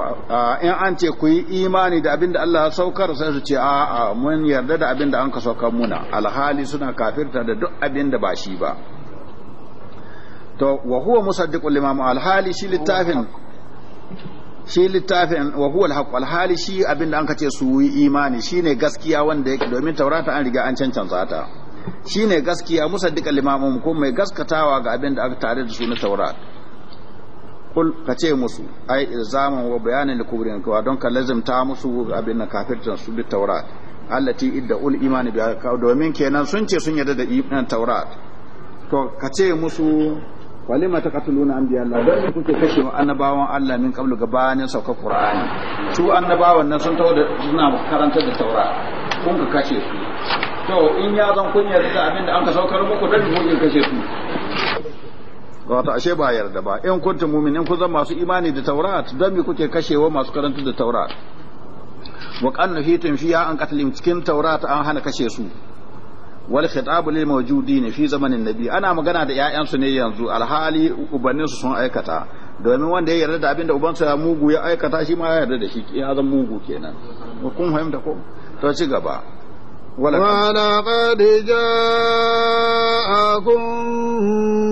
in an ce ku yi imani da abin da Allah saukar sai su ce a'a mun yarda da abin da an ka saukar muna alhali suna kafirta da duk abin da ba shi ba to wa huwa musaddiqul limam alhali shi littafin shi littafin wa huwa alhaq alhali shi abinda an kace su yi imani shine gaskiya wanda yake domin taurata an riga an cancanta ta shine gaskiya musaddiqul limam ko mai gaskatawa ga abinda aka tare da su na taurat kul ka ce musu ai ilzaman wa bayanin kubrin ka don ka lazimta musu abin na kafirtan su bi taurat allati idda ul imani bi domin kenan sun ce sun yarda da taurat to ka ce musu katulu na ambiya Allah dan kuke kashe annabawan Allah min kablu gabanin saukar Qur'ani su annabawan nan sun tawo da suna karanta da Taura kun ka kashe su to in ya zan kunya da abin da an ka saukar muku dan kun kashe su wato ashe ba yarda ba in kuntum in kun zan masu imani da Taurat dan me kuke kashewa masu karanta da Taurat wa qanna fitum fiya an katlim cikin Taurat an hana kashe su wal khitabu lil mawjudin fi zamanin nabi ana magana da ƴaƴansu ne yanzu alhali ubannin su sun aikata domin wanda ya yarda da abinda uban ya mugu ya aikata shi ma ya yarda da shi ya zan mugu kenan kun fahimta ko to ci gaba ولقد جاءكم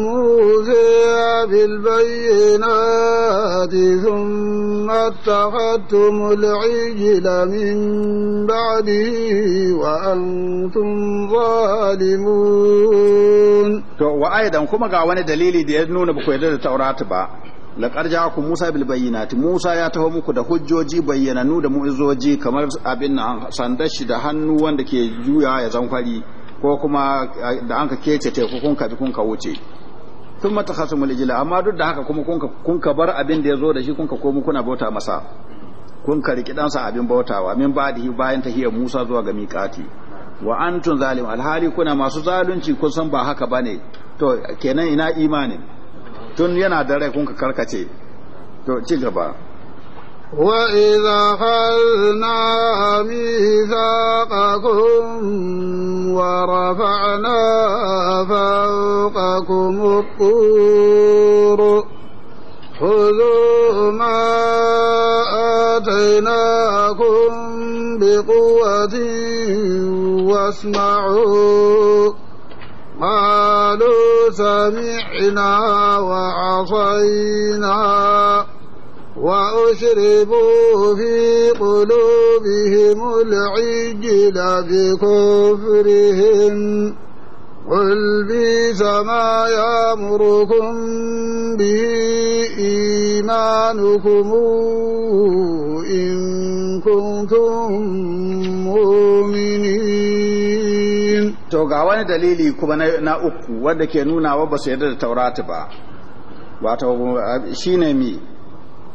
موسى بالبينات ثم اتخذتم العجل من بعده وأنتم ظالمون وأيضا كما قاواني دليلي دي أدنون بكو يدد التوراة با ja ja'akum Musa bil Musa ya taho muku da hujjoji bayyananu da mu'izzoji kamar abin nan sandar shi da hannu wanda ke juya ya zankwari ko kuma eh, da anka kece teku kun ka kun ka wuce tun matakhasumul mulijila amma duk da haka kuma kun ka bar abin da ya zo da shi kun ka komo kuna bauta masa kun ka riki abin bautawa min da bayan tahiyar Musa zuwa ga miƙati wa an tun zalim alhali kuna masu zalunci kun san ba haka bane to kenan ina imanin tun yana da rai kun ka karkace to ci gaba وإذا خذنا ميثاقكم ورفعنا فوقكم الطور خذوا ما آتيناكم بقوة واسمعوا قالوا سمعنا وعصينا وأشربوا في قلوبهم العجل بكفرهم قل بيس ما يامركم به إيمانكم إن كنتم to ga wani dalili kuma na uku wadda ke nuna wa ba su yadda da taurata ba wato shi ne mi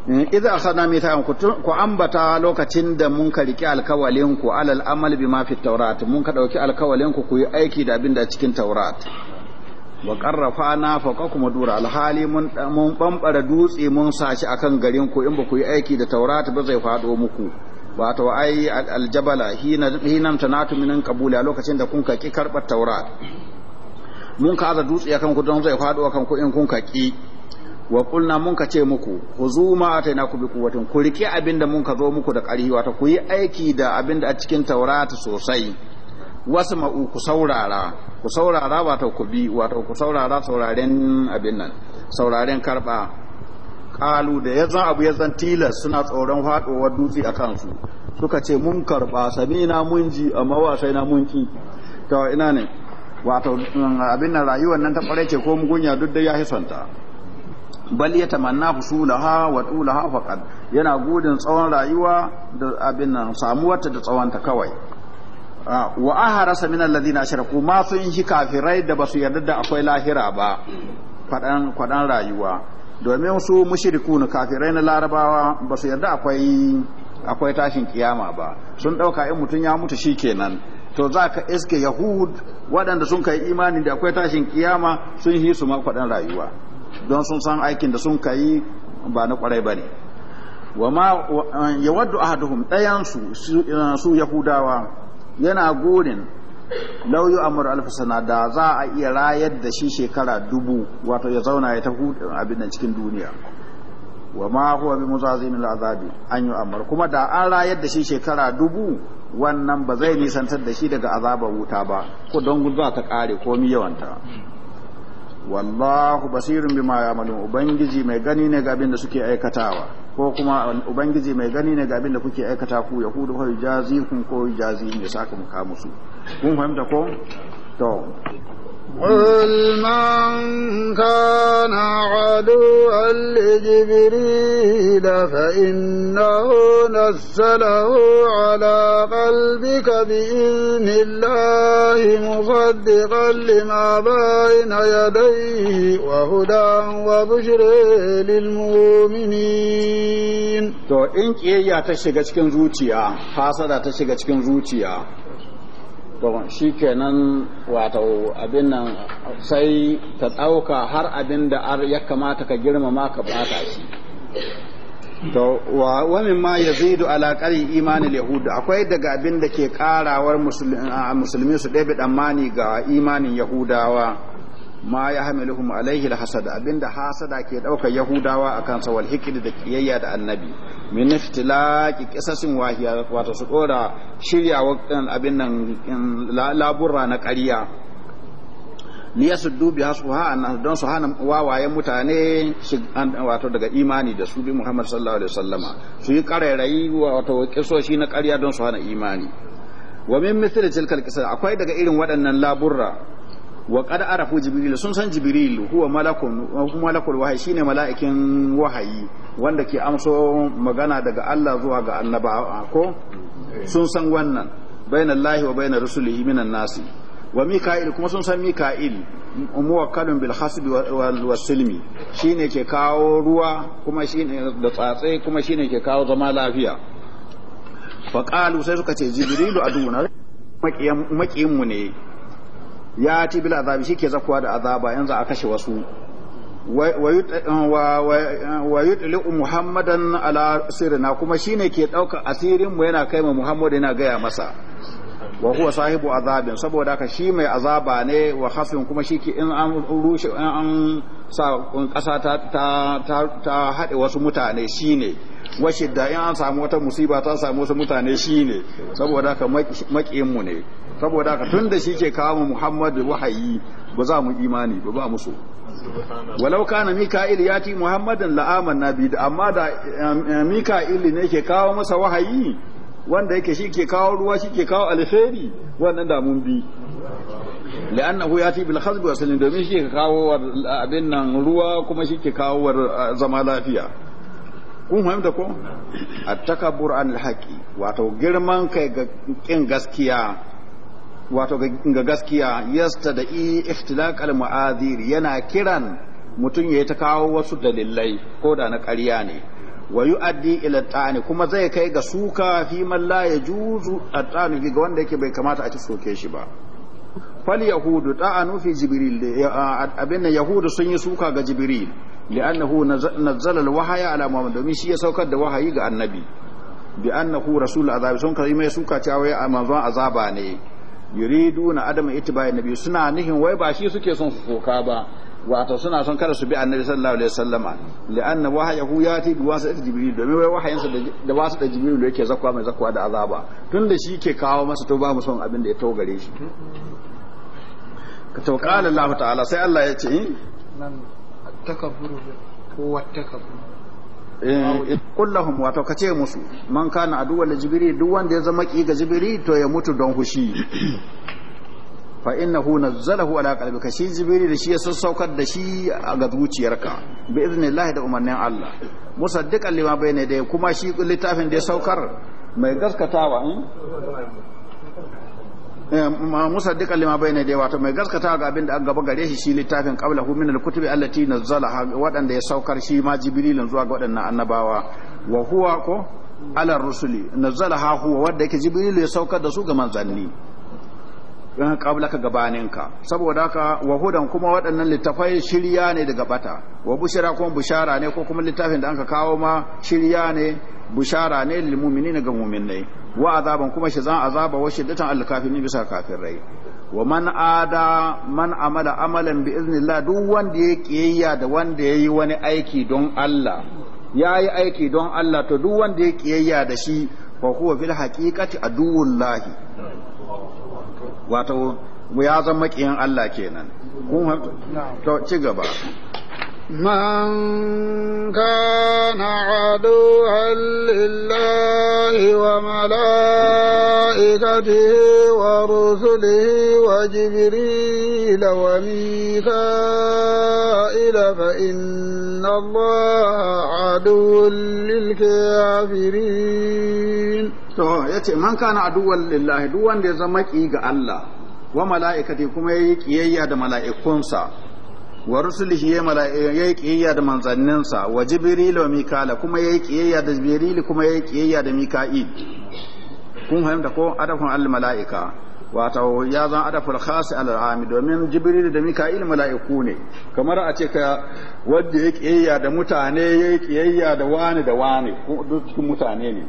mm, idza akhadna mithaqan ku ambata lokacin da mun ka riki alkawalin alal amal bi fi taurati mun ka ɗauki alkawalin ku yi aiki da abin da cikin taurat wa qarrafa na kuma dura alhali mun ɓamɓara dutse mun sashi akan garin ku in ba ku yi aiki da taurati ba zai faɗo muku wato ai aljabala hina hina tanatu minan kabula lokacin da kun kaki karbar taura. mun ka aza dutse akan ku don zai faɗo akan ku in kun kaki wa kulna mun ka ce muku huzuma ataina ku bi quwwatin ku rike abinda mun ka zo muku da ƙarfi wato ku yi aiki da abinda a cikin ta sosai wasu ma'u ku saurara ku saurara wato ku bi wato ku saurara sauraren abin nan sauraren karba kalu da ya zan abu ya zan tilas suna tsoron faɗowar dutse a kansu suka ce mun karɓa sami na mun ji amma mawasai na mun ki to ina ne wato mm, abin nan rayuwar nan ta kware ce ko mugunya duk da ya hisanta bal ya tamanna husulaha wa tulaha faqad yana gudun tsawon rayuwa da abin nan samuwarta da tsawonta kawai wa aharasa min alladhina ashraku ma sun shi kafirai da basu yarda da akwai lahira ba fadan rayuwa domin su na kafirai na larabawa ba su yarda akwai akwai tashin kiyama ba sun dauka in mutun ya mutu shi kenan to za ka iske yahud waɗanda sun kai imani da akwai tashin kiyama sun yi su makwaɗin rayuwa don sun san aikin da sun kai ba na kwarai ba ne wama eh, yawaddu ahaduhum ɗayansu su eh, yahudawa yana gurin lauyu amur alfasana da za a iya rayar da shi shekara dubu wato ya zauna ya tafi hudun abin nan cikin duniya wa ma huwa bi muzazimin azabi an yi amur kuma da an rayar da shi shekara dubu wannan ba zai nisantar da shi daga azabar wuta ba ko don gudunwa ta kare komi yawanta wallahu basirin bima malu ubangiji mai gani ne ga abin da suke aikatawa ko kuma ubangiji mai gani ne ga abin da kuke aikata ku yahudu ko jazi kun ko jazi ne saka muka musu kun fahimta ko to قل من كان عدوا لجبريل فإنه نزله على قلبك بإذن الله مصدقا لما بين يديه وهدى وبشرى للمؤمنين. تو إن كي يا تشيغا تشكن روتيا فاسدا تشيغا تشكن روتيا shi kenan wato abin nan sai ta ɗauka har abin da ya kamata ka girmama ka bata shi to wa wani ma yazidu ala alaƙari imanin yahudu akwai daga abin da ke karawar musulmi su ɗebe tsammani ga imanin yahudawa ma ya hamiluhum alaihi alhasad abinda hasada ke daukar yahudawa akan kan wal hikd da kiyayya da annabi min iftilaqi qisasin wahiya wato su dora shirya wakan abin nan labura na ƙarya ya su bi hasbuha an don su hana wawayen mutane wato daga imani da su bi Muhammad sallallahu alaihi wasallama su yi karairayi wato kisoshi na ƙarya don su hana imani wa min mithli tilkal qisas akwai daga irin waɗannan laburra wa qad arafu jibril sun san jibril huwa malakun malakul wahyi shine mala'ikin wahayi wanda ke amso magana daga Allah zuwa ga annabawa ko sun san wannan bainallahi wa bainar rusulihi minan nasi wa mika'il kuma sun san mika'il muwakkalun bil hasbi wal silmi shine ke kawo ruwa kuma shine da tsatse kuma shine ke kawo zama lafiya fa qalu sai suka ce Jibril aduna makiyin mu ne ya ci bil azabi shi ke zakuwa da azaba yanzu a kashe wasu wa eh, eh, yutli muhammadan ala sirina kuma shi ne ke ɗaukar asirinmu yana kai ma muhammadu yana gaya masa wa kuwa sahibu azabin saboda haka shi mai azaba ne wa hasin kuma shi ke in an rushe in an sa ƙasa ta ta ta haɗe wasu mutane shi ne wa shidda in an samu wata musiba ta samu wasu mutane shi ne saboda haka maƙiyin ne saboda haka tun da shi ke kawo Muhammadu wahayi ba za mu imani ba ba musu walau kana mika'il ya ti Muhammadin la'aman nabi da amma da mika'il ne ke kawo masa wahayi wanda yake shi ke kawo ruwa shi ke kawo alheri wannan da mun bi la'annahu ti bil khazbi wa salin domin shi ke kawo abin nan ruwa kuma shi ke kawo zama lafiya kun fahimta ko at takabbur an al wato girman kai ga kin gaskiya wato ga gaskiya yasta da iftilaq al ma'azir yana kiran mutum ya ta kawo wasu dalilai ko da na ƙarya ne wa yu'addi ila ta'ani kuma zai kai ga suka fi man la yajuzu at-ta'ani ga wanda yake bai kamata a ci soke shi ba fal yahudu ta'anu fi jibril abinna yahudu sun yi suka ga jibril li'annahu nazzala al-wahya ala muhammad domin shi ya saukar da wahayi ga annabi bi annahu rasul azab sun kai mai suka cewa ya manzon azaba ne yuriduna adama ittiba'i nabi suna nihin wai ba shi suke son su soka ba wato suna son kada su bi annabi sallallahu alaihi wasallama li'anna wahyahu yati bi wasati jibril domin wai sa da wasu da jibril yake zakwa mai zakwa da azaba tunda shi ke kawo masa to ba mu son abin da ya togare shi to qala Allah ta'ala sai Allah ya ce hmm? takabburu ko wat takabburu Eh, kullahum wato ka ce musu man kana aduwwal jibiri duk wanda ya zama ki ga jibiri to ya mutu don hushi fa innahu nazzalahu ala qalbika shi jibiri da shi ya sassaukar da shi ga zuciyarka bi iznillahi da umarnin Allah musaddiqan lima bayna da kuma shi littafin da ya saukar mai gaskatawa hmm? Eh, musaddiqan lima bayna da wato mai gaskata ga abin da an gaba gare shi shi littafin qablahu min al-kutubi allati zala wadanda ya saukar shi ma jibrilin zuwa ga wadannan annabawa wa huwa ko ala rusuli ha huwa wanda yake jibril ya saukar da su ga manzanni in ka gabaninka saboda haka wa hudan kuma waɗannan littafai shirya ne daga bata wa bushara kuma bushara ne ko kuma littafin da anka kawo ma shirya ne bushara ne lil mu'minina ga mu'minai wa azaban kuma shi zan azaba wa shiddatan alkafirin bisa kafirai wa man ada man amala amalan bi iznillah duk wanda ya kiyayya da wanda yayi wani aiki don Allah yayi aiki don Allah to duk wanda ya kiyayya da shi fa huwa fil haqiqati aduwullahi wato ya zama kiyan Allah kenan kun to ci gaba من كان عدوا لله وملائكته ورسله وجبريل وميكائيل فإن الله عدو للكافرين to ya man kana aduwan lillahi duk wanda ya zama ƙi ga Allah wa mala'ikati kuma ya yi ƙiyayya da mala'ikunsa wa rusulihi ya yi kiyayya da manzanninsa wa jibril wa mikala kuma yayi kiyayya da jibril kuma yayi kiyayya da mika'il kun fahimta ko adafun al malaika wato ya zan adaful khas al ami domin jibril da mika'il mala'iku ne kamar a ce ka wanda yayi kiyayya da mutane yayi kiyayya da wani da wani duk mutane ne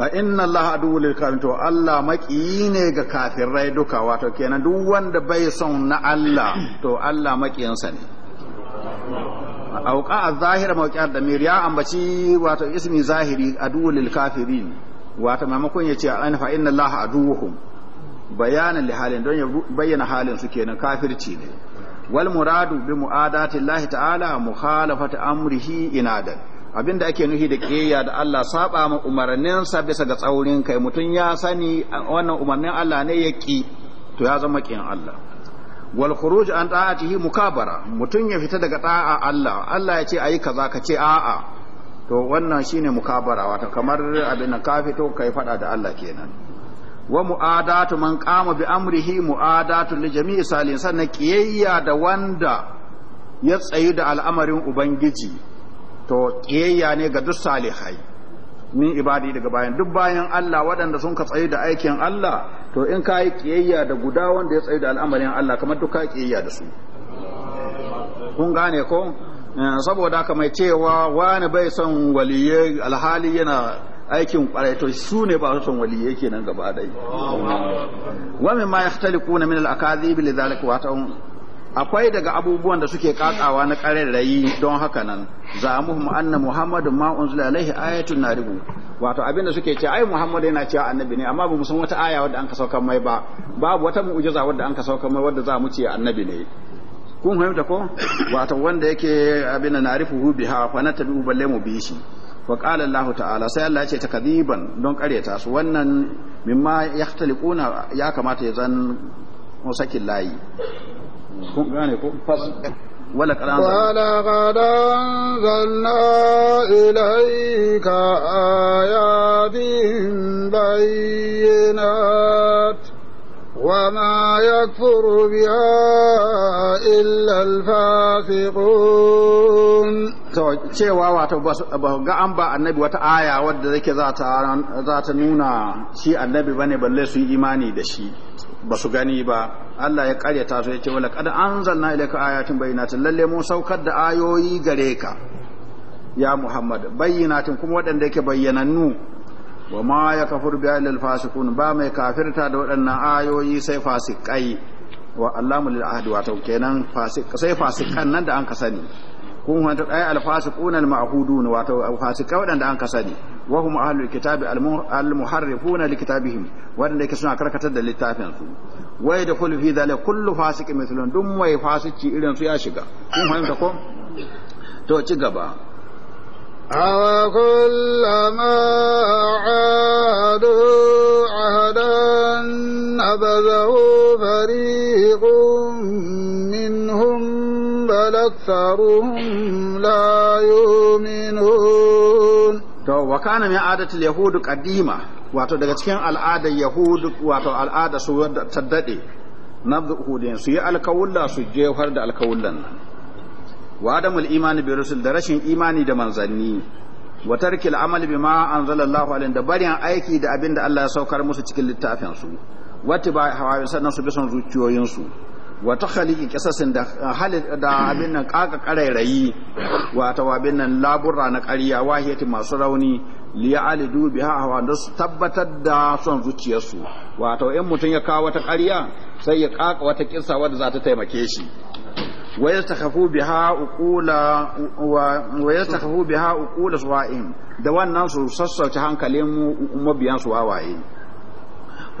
fa inna Allah aduwwu lil kafirin to Allah maƙiyi ne ga kafirai duka wato kenan duk wanda bai son na Allah to Allah maƙiyansa ne auqa az-zahira mawqi'at damir ya ambaci wato ismi zahiri aduwwu lil kafirin wato maimakon yace an fa inna Allah aduwwuhum bayanan li halin don ya bayyana halin su kenan kafirci ne wal muradu bi mu'adati Allah ta'ala mukhalafati amrihi inadan Abin da ake nuhi da kiyayya da Allah saba ma umarninsa bisa ga tsaurin kai mutum ya sani wannan umarnin Allah ne ya ƙi to ya zama kiyan Allah wal khuruj an ta'atihi mukabara mutum ya fita daga ta'a Allah Allah ya ce ayi kaza ka ce a'a to wannan shine mukabara wato kamar abin ka fito kai fada da Allah kenan wa mu'adatu man qama bi amrihi mu'adatu li jami'i salihin sannan kiyayya da wanda ya tsayi da al'amarin ubangiji to ƙiyayya ne ga duk salihai min ibadi daga bayan duk bayan Allah waɗanda sun ka tsaye da aikin Allah to in ka yi kiyayya da guda wanda ya tsaye da al'amarin Allah kamar duk ka kiyayya da su kun gane ko eh, saboda kama mai cewa wani bai son waliye alhali yana aikin kwarai to su ne ba su son waliye kenan gaba dai wa mimma yahtaliquna min al-akadhib lidhalika wa ta'un akwai daga abubuwan da suke kakawa na rayi don haka nan za mu mu anna muhammadu ma unzila alaihi ayatun naribu wato abin da suke ce ai muhammadu yana cewa annabi ne amma ba mu san wata aya wadda an ka saukan mai ba babu wata mu'jiza wadda an ka saukan mai wadda za mu ce annabi ne kun fahimta ko wato wanda yake abin da narifuhu biha fa natabi balle mu bi shi wa qala Allah ta'ala sai Allah ya ce takdiban don kareta su wannan mimma yahtaliquna ya kamata ya zan sakin layi kun gane ko fas wala qad anzalna وما يكفر بها إلا الفاسقون to cewa wato ga an ba annabi wata aya wadda zake za ta nuna shi annabi bane balle su yi imani da shi ba su gani ba Allah ya karyata su yace wala qad anzalna ilayka ayatin bayyinatin lalle mun saukar da ayoyi gare ka ya Muhammad bayyinatin kuma waɗanda yake bayyanannu wa ma yakfur bi al fasikun ba mai kafirta da waɗannan ayoyi sai fasikai wa allamu lil ahdi wato kenan fasik sai fasikan nan da an ka sani kun hanta ay alfasiquna alma'hudun wato fasika wadanda an kasani wa hum ahlul kitabi al almuharrifuna kitabihim wadanda yake suna karkatar da littafin su wa yadkhulu fi dhalika kullu fasiqin mithlun dum mai fasici irin su ya shiga kun hanta ko to ci gaba aw kullama adu ahadan abadahu fariqu بل أكثرهم لا يؤمنون to wa kana min adatul yahud qadima wato daga cikin al'adar yahud wato al'ada su ta dade na yahudin su yi alkawulla su jefar da alkawullan nan wa adamul imani bi rusul da rashin imani da manzanni wa tarkil amali bima anzalallahu alaihi da barin aiki da abinda Allah ya saukar musu cikin littafin su wata ba hawa sannan su bi son zuciyoyin wata khaliki kasasin da da abin nan kaka karairayi wata wabin nan labura na ƙarya wahiyati masu rauni liya alidu ha hawa da su tabbatar da son zuciyarsu wato in mutum ya kawo wata ƙarya sai ya kaka wata kisa wadda za ta taimake shi wa yastakhafu kafu bi ha yastakhafu su suwa'in da wannan su sassauce hankalin mabiyan su wawaye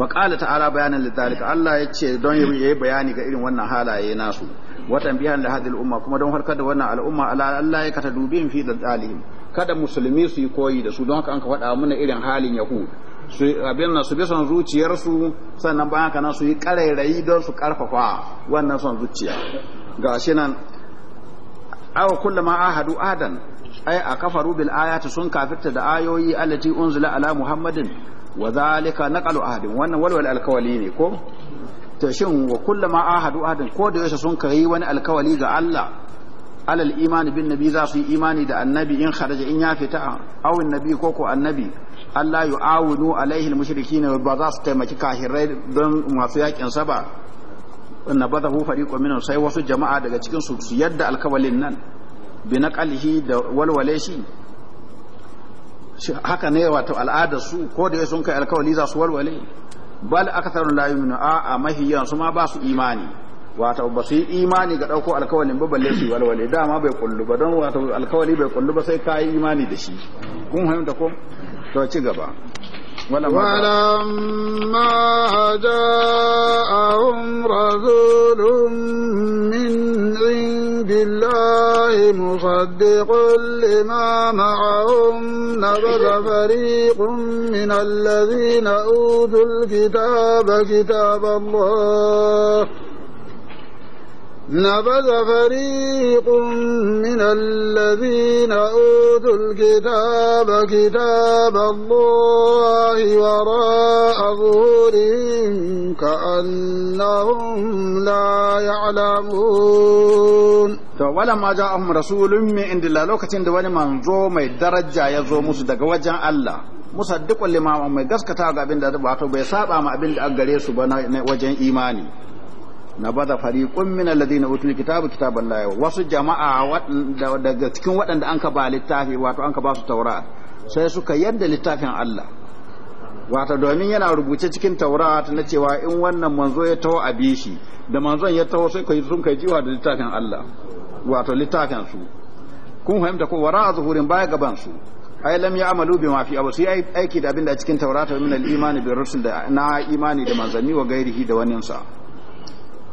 faƙala ta ara bayanan littalika Allah ya ce don yayi bayani ga irin wannan halaye nasu watan biyan da haɗin umma kuma don harkar da wannan al'umma Allah ya kata dubin fi dalilihim kada musulmi su yi koyi da su don haka an ka faɗa mana irin halin yahud su abin nan su bi son zuciyarsu sannan bayan haka nan su yi karairayi don su ƙarfafa wannan son zuciya ga shi nan awa kullama ahadu adan ai a kafaru bil ayati sun kafirta da ayoyi allati unzila ala muhammadin wa zalika naqalu ahadin wannan walwal alkawali ne ko to shin wa kullama ahadu ahadin ko da yaushe sun kai wani alkawali ga Allah alal imani bin nabi za su yi imani da annabi in kharaja in ya fita awin nabi ko ko annabi Allah yu'awinu alaihi almushrikina ba za su taimaki kahirai don masu yakin sa ba na bada hu fariqu minhum sai wasu jama'a daga cikin su su yadda alkawalin nan bi naqalihi da walwale shi haka ne wato al'adar su ko da sun kai alkawali za su walwale bal akatharun la yu'minu a a mahiyan su ma ba su imani wato ba su imani ga dauko alkawalin ba balle su walwale dama bai kullu ba don wato alkawali bai kullu ba sai kai imani da shi kun fahimta ko to ci gaba ولما جاءهم رسول من الله مصدق لما معهم نبذ فريق من الذين أوتوا الكتاب كتاب الله نبذ فريق من الذين أوتوا الكتاب كتاب الله وراء ظهورهم كأنهم لا يعلمون to wala ma ja'ahum rasulun min indillah lokacin da wani manzo mai daraja ya zo musu daga wajen Allah musaddiqul lima mai gaskata ga abin da wato bai saba ma abin da an gare su ba na wajen imani nabada fariqun min alladhina utul kitaba kitaballahi wasu jama'a daga cikin waɗanda anka ba littafi wato anka ba su taura sai suka yadda littafin Allah wato domin yana rubuce cikin taura na cewa in wannan manzo ya taho a bishi da manzon ya taho sai kai sun kai jiwa da littafin Allah wato littafin su kun fahimta ko wara zuhurin baya gaban su ai lam bi ma fi abu sai aiki da abinda cikin taurata min al-imani bi rusul da na imani da manzanni wa gairihi da waninsa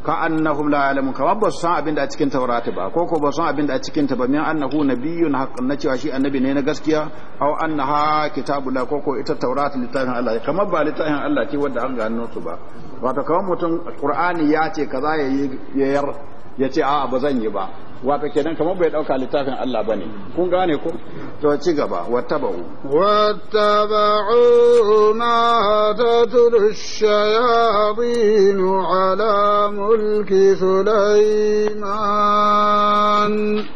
ka annahum la ya'lamun kamar ba su san abin da a cikin taurata ba ko ko ba su san abin da a cikin ta ba min annahu nabiyyun haqqan na cewa shi annabi ne na gaskiya aw annaha kitabullah ko ko ita taurata littafin Allah kamar ba littafin Allah ce wanda an gano su ba wato kamar mutum qur'ani ya ce kaza yayi yayar ya ce a'a ba zan yi ba wato kenan kamar bai dauka littafin Allah bane kun gane ko to ci gaba wattaba'u wattaba'u ma tatlu shayatin ala mulki sulaiman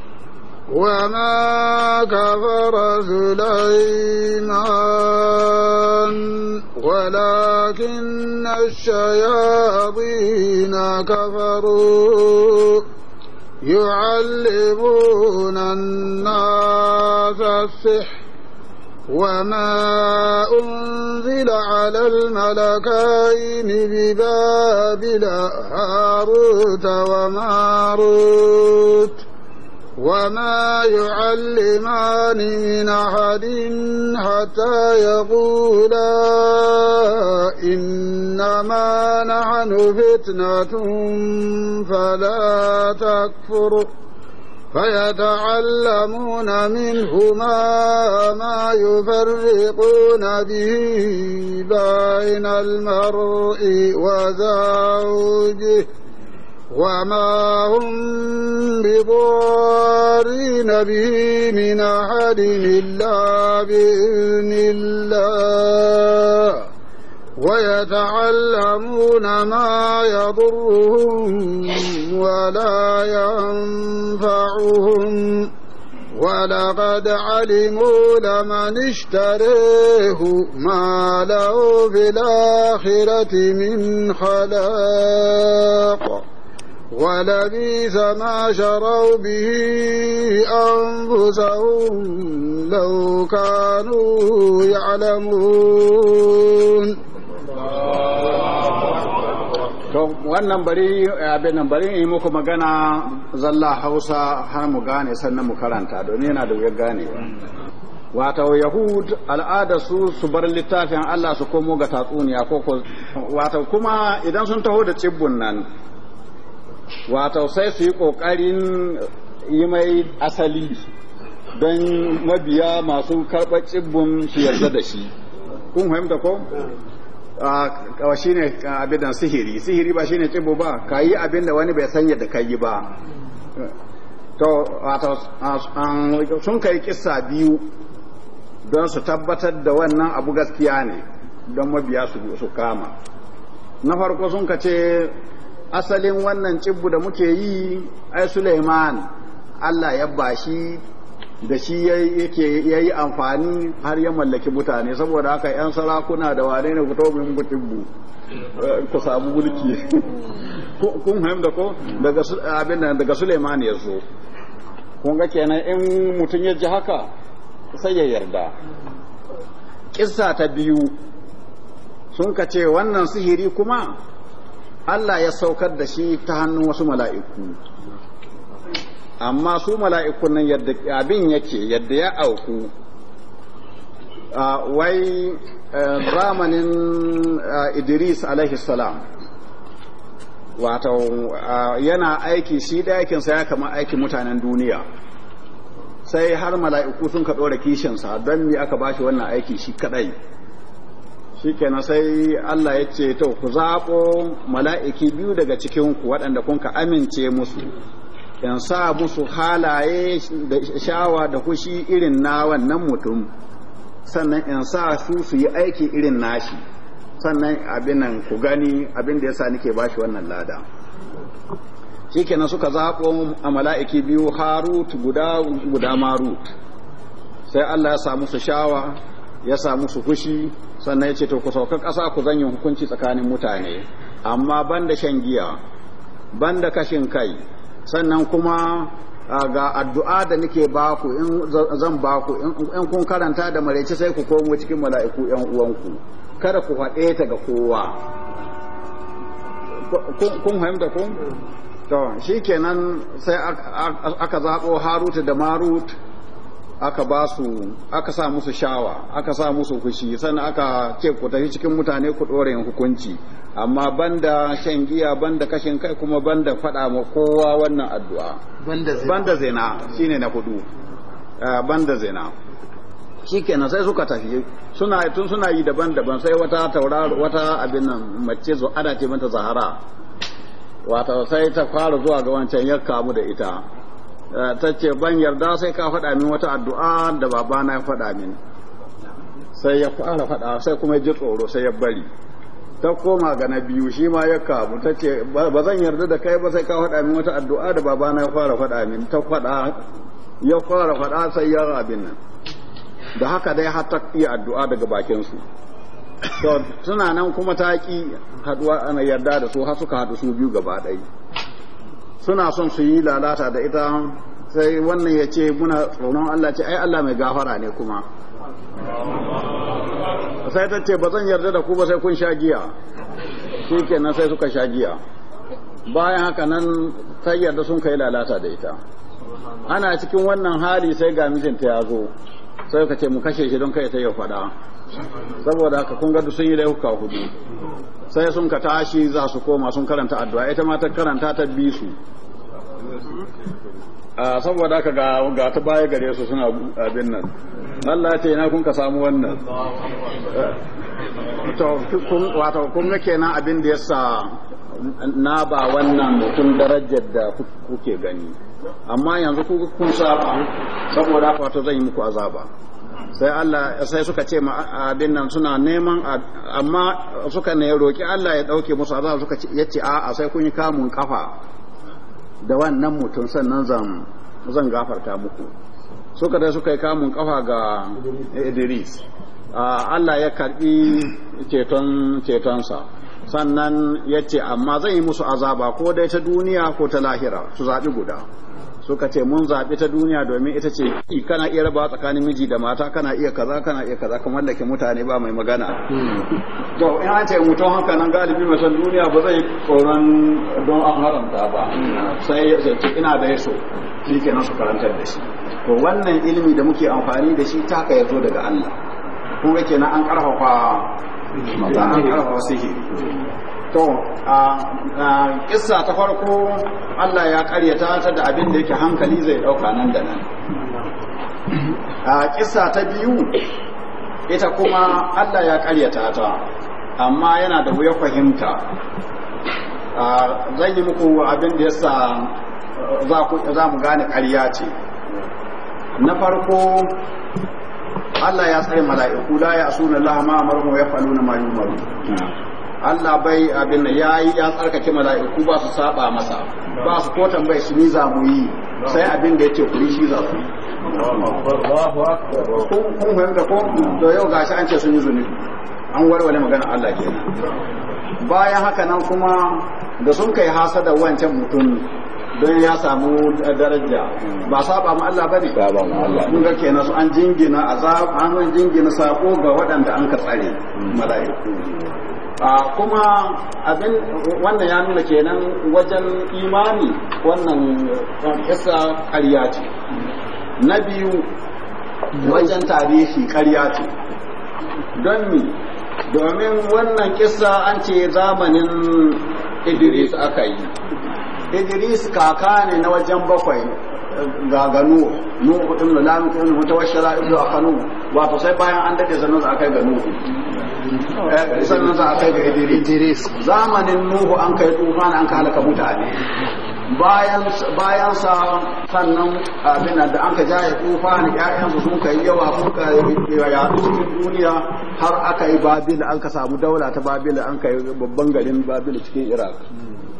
وما كفر سليمان ولكن الشياطين كفروا يعلمون الناس السحر وما أنزل على الملكين ببابل هاروت وماروت وما يعلمان من أحد حتى يقولا إنما نحن فتنة فلا تكفر فيتعلمون منهما ما يفرقون به بين المرء وزوجه وما هم بضارين به من أحد إلا بإذن الله ويتعلمون ما يضرهم ولا ينفعهم ولقد علموا لمن اشتريه ما له في الآخرة من خلاق ولبيث ما شروا به أنفسهم لو كانوا يعلمون wannan bari abin nan bari yi muku magana zalla hausa har mu gane sannan mu karanta domin yana da wuyar gane wato yahud al'ada su su bar littafin Allah su komo ga tatsuniya ko wato kuma idan sun taho da cibbun nan wato sai su yi ƙoƙarin yi mai asali don mabiya masu karɓar cibbun shi yarda da shi kun fahimta ko kawa shi ne abin sihiri sihiri ba shi ne cibbo ba ka yi abin da wani bai san yadda ka yi ba to sun kai kissa biyu don su tabbatar da wannan abu gaskiya ne don mabiya su kama na farko sun ka ce asalin wannan cibbu da muke yi ai Suleiman Allah ya bashi da shi yake yayi amfani har ya mallaki mutane saboda haka yan sarakuna da wane ne ku tobin butibbu ku samu mulki kun da ko daga abin nan daga Suleiman ya zo kun ga kenan in mutum ya ji haka sai ya yarda kissa ta biyu sun ka ce wannan sihiri kuma Allah ya saukar da shi ta hannun wasu mala'iku amma su mala’iku nan yadda abin yake yadda ya auku wai eh, zamanin idris salam wato yana aiki shi ɗakinsa ya kama aikin mutanen duniya sai har mala'iku sun ka ɗora kishinsa don me aka bashi wannan aiki shi kaɗai na sai Allah ya ce to ku zaɓo mala'iki biyu daga cikinku waɗanda kun ka amince musu Yan sa musu halaye da shawa da kushi irin na wannan mutum sannan yan sa su su yi aiki irin nashi sannan abinan ku gani abin da ya sa nake bashi wannan lada shikenan suka zaɓo a mala'iki biyu harut guda guda marut sai Allah ya sa musu shawa ya sa musu hushi sannan ya ce to ku sauka ƙasa ku zanyin hukunci tsakanin mutane amma banda shan giya banda kashin kai sannan kuma ga addu'a da nake baku in zan baku in kun karanta da mareci sai ku komo cikin mala'iku yan uwanku kada ku faɗe ta ga kowa kun fahimta kun to kenan sai aka zaɓo harut da marut aka ba su aka sa musu shawa aka sa musu fushi sannan aka ce ku tafi cikin mutane ku dore hukunci amma banda shan giya banda kashin kai kuma banda fada ma kowa wannan addu'a banda zina shine na hudu eh, banda zina shikenan sai suka tafi suna tun suna yi daban-daban sai wata tauraro wata abin nan mace zo ana ce mata zahara wata sai ta fara zuwa ga wancan ya kamu da ita Eh, ta ce ban yarda sai ka faɗa min wata addu'a da babana ya faɗa min sai ya fara faɗa sai kuma ji tsoro sai ya bari ta koma ga na biyu shi ma ya kamu ta ce ba zan yarda da kai ba sai ka faɗa min wata addu'a da babana ya fara faɗa min ta faɗa ya fara faɗa sai ya rabin nan da haka dai har ta iya addu'a daga bakin su to suna nan kuma ta ki haɗuwa ana yarda da su har suka haɗu su biyu gaba ɗaya suna son su yi lalata da ita sai wannan ya ce muna tsoron Allah ce ai Allah mai gafara ne kuma sai ta ce ba zan yarda da ku ba sai kun sha giya shi kenan sai suka sha giya bayan haka nan sai yarda sun kai lalata da ita ana cikin wannan hali sai ga mijinta ya zo sai ka ce mu kashe shi don kai ta ya faɗa saboda haka kun ga sun yi laifuka hudu sai sun ka tashi za su koma sun karanta addu'a ita ma ta karanta ta bi su a saboda ka ga ga ta baya gare su suna abin nan Allah ce na kun ka samu wannan eh, to kun wato kun ga kenan abin da yasa na ba wannan mutum darajar da kuke gani amma yanzu kun saba saboda wato zan yi muku azaba sai Allah sai suka ce abin nan suna neman amma suka ne roki Allah ya dauke musu azaba suka ce yace a'a sai kun yi kamun kafa da wannan mutum sannan zan zan gafarta muku suka dai suka yi kamun kafa ga Idris Allah ya karbi ceton cetonsa sannan yace amma zan yi musu azaba ko dai ta duniya ko ta lahira su zabi guda suka ce mun zaɓi ta duniya domin ita ce kana iya rabawa tsakanin miji da mata kana iya kaza kana iya kaza kuma wanda ke mutane ba mai magana hmm. to in an ce mutum haka nan galibi mai san duniya ba zai tsoron don an haramta ba sai ya ce ina da yaso shi kenan su karantar da shi to wannan ilimi da muke amfani da shi ta ka ya zo daga Allah kuma kenan an karfafa an karfafa sihiri to a kissa ta farko Allah ya karyata ta da abin da yake hankali zai dauka nan da nan a kissa ta biyu ita kuma Allah ya karyata ta amma yana da wuya fahimta zan yi muku abin da yasa uh, za mu gane karya ce na farko Allah ya tsare mala'iku la ya asuna Allah ma amaru ya faluna ma yumaru Allah bai abin ya yi ya tsarkake mala'iku ba su saba masa ba su ko tambayi su ni za mu yi sai abin da yake kuri shi za su yi kun fahimta ko da yau gashi an ce sun yi zuni an warware magana Allah ke bayan haka nan kuma da sun kai hasada wancan mutum don ya samu daraja ba saba mu Allah bane saba mu Allah mun ga kenan su an jingina azab an jingina sako ga waɗanda an ka tsare mala'iku Ah, kuma abin wannan ya nuna kenan wajen imani wannan eh, kisa karya ce na biyu wajen tarihi karya ce don mi domin wannan kisa an ce zamanin idris aka yi idris kaka ne na wajen bakwai ga ganu nu ibn lam ibn mutawassila ibn akhanu wato sai bayan an dade sannan za a kai ganu eh, sannan za a kai ga idris zamanin nuhu an kai tufan an halaka mutane bayan bayan sa sannan abin da an ka jaye tufan ƴaƴan su sun kai yawa sun kai ya cikin duniya har aka yi babil an ka samu daula ta babil an kai babban garin babil cikin iraq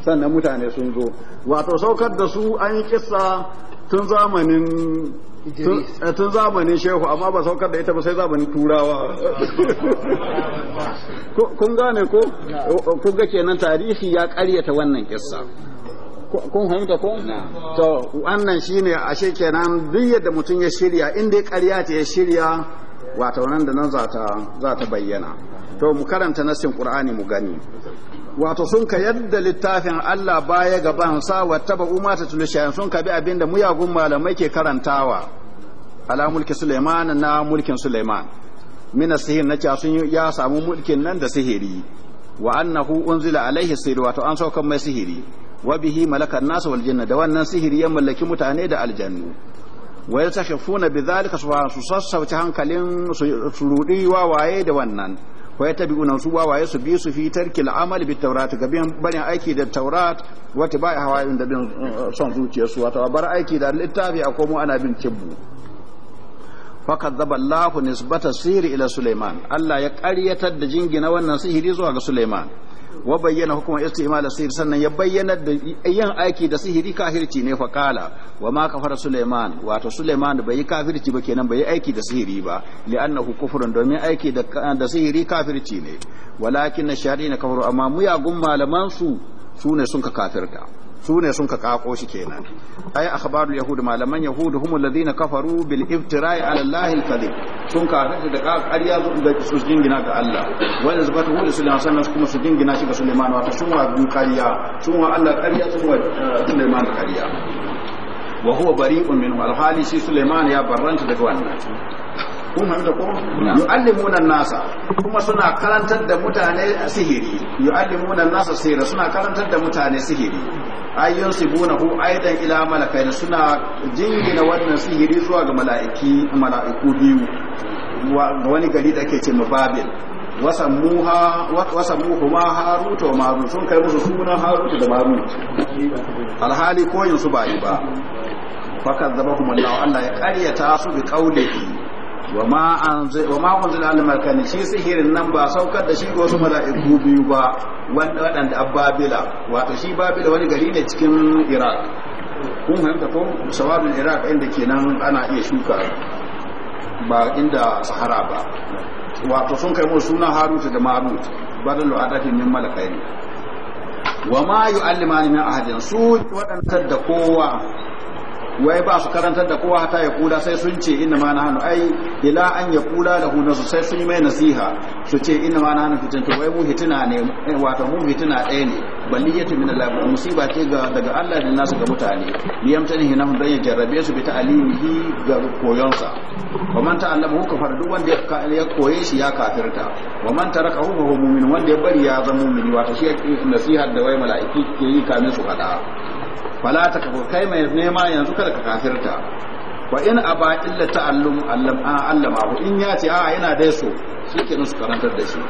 sannan mutane sun zo wato saukar da su an yi kissa Eh, tun zamanin shehu amma ba saukar da ita ba sai zamanin turawa kun gane ko kun ga kenan tarihi ya karyata wannan kissa kun hanyar ko to wannan shine ashe kenan duk yadda mutum ya shirya inda ya karya ta ya shirya wato nan da nan za ta bayyana to mu karanta nasin qur'ani mu gani wato sun ka yadda littafin Allah baya gaban sa wata ba umma ta tulishayan sun ka bi abinda muyagun malamai ke karantawa ala mulki Suleiman na mulkin Suleiman mina sihir na sun ya samu mulkin nan da sihiri wa annahu unzila alaihi sihir wato an saukan mai sihiri wa bihi malakan nasu wal jinna da wannan sihiri ya mallaki mutane da aljannu wa yatakhafuna bidhalika subhanahu su sassauci hankalin su rudi wawaye da wannan wa yatabi'una su wawaye su bi su fi tarkil amali bi tawrat ga biyan barin aiki da taurat wata ba hawayin da bin eh, son su wata bar aiki da littafi a komo ana bin kibbu kadzaba Allahu nisbata sihiri ila Sulaiman Allah ya qaryatar da jingina wannan sihiri zuwa ga Sulaiman wa bayyana hukumar istimala sihir sannan ya bayyana da yin aiki da sihiri kafirci ne fa kala wa ma kafara Suleiman wato Suleiman bai yi kafirci ba kenan bai yi aiki da sihiri ba li'annahu kufrun domin aiki da sihiri kafirci ne walakin na kafaru amma muyagun malaman su sune sun ka kafirta su ne sun ka kako shi kenan ai akhbarul yahud malaman yahud hum kafaru bil iftira'i ala allahi al sun ka hada da ƙarya da su jingina ga Allah wanda zubata hu kuma su jingina shi ga sulaiman wa sun wa Allah sun wa eh, sulaiman wa huwa bari'un shi sulaiman ya barranta daga wannan kun hanta ko yu'allimuna nasa kuma suna karantar da mutane sihiri yu'allimuna nasa sihiri suna karantar da mutane sihiri ayyun sibunahu aidan ila malakai suna jingina wannan sihiri zuwa ga mala'iki mala'iku biyu wa wani gari da ake ce babil wasammuhu ma Haruto ma marut sun kai musu sunan Haruto da marut alhali koyin su bayi ba fakar zaba kuma Allah ya karyata su bi kaulihi wa ma anzila al malakani shi sihirin nan ba saukar da shi ga wasu mala'iku biyu ba waɗanda abbabila wato shi babila wani gari ne cikin iraq kun fahimta ko sababin iraq inda kenan ana iya shuka ba inda sahara ba wato sun kai musu suna harut da marut badal adatin min malakai wa ma yu'allimani min ahadin su wadantar da kowa wai ba su karantar da kowa ta ya kula sai sun ce inna ma nahnu ai ila an ya kula lahu su sai sun yi mai nasiha su ce inna ma nahnu fitin to wai mu hitina ne wato mu hitina ɗaya ne baliyatu min Allah musiba ce ga daga Allah da nasu ga mutane liyamtani hinahum dan ya jarrabe su bi ta'alimihi ga koyonsa wa man ta'allama hu kafar duk wanda ya koye shi ya kafirta wa man taraka hu mu'min wanda ya bari ya zama mu'mini wato shi nasiha da wai mala'iki ke yi kamin su hada fala ta kafu kai mai nema yanzu kada ka kafirta wa in aba illa ta'allum allam a allama in ya ce a yana dai so shikenan su karantar da shi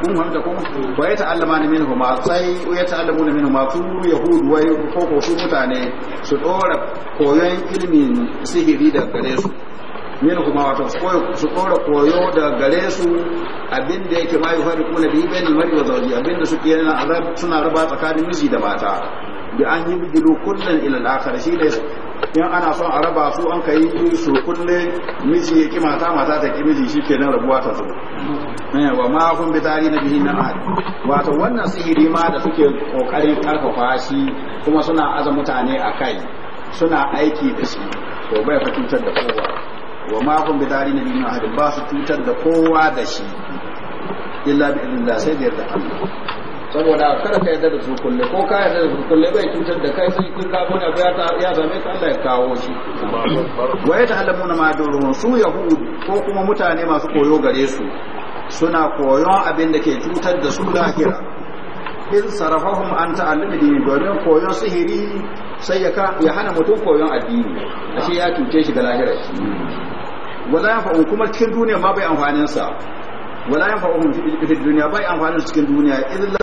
kun wanda ko wa ya ta'allama ne minhu ma sai ya ta'allamu ne minhu ma su yahudu wai ko ko su mutane su dora koyon ilmin sihiri da gare su minhu kuma wato su dora koyo da gare su abin da yake ma yufari kuna bi bainal mar'i wa zawji abin da suke yana azab suna raba tsakanin miji da mata da an yi bidilu kullum ilal akhar shi ne yan ana son a raba su an kai su kulle miji ya ki mata mata ta ki miji nan rabuwa ta zo eh, wa ma kun bi tari na bihi na ahad wato wannan sihiri ma da suke kokarin karfafa shi kuma suna aza mutane a kai suna aiki da shi to bai fa cutar da kowa wa ma kun bi tari na bihi na ahad ba su cutar da kowa da shi illa bi idillah sai da yarda Allah saboda kada ka yarda da kulle ko ka yarda da kulle bai cutar da kai sai kun ka muna ba ta ya zame ka Allah ya kawo shi wa ya ta'allamuna ma durun su yahud ko kuma mutane masu koyo gare su suna koyon abin da ke cutar da su lahira in sarafahum an ta'allumi dini domin koyon sihiri sai ya hana mutum koyon addini ashe ya cuce shi ga lahira wala ya fa'u kuma cikin duniya ma bai amfanin sa wala ya fa'u fi duniya bai amfanin cikin duniya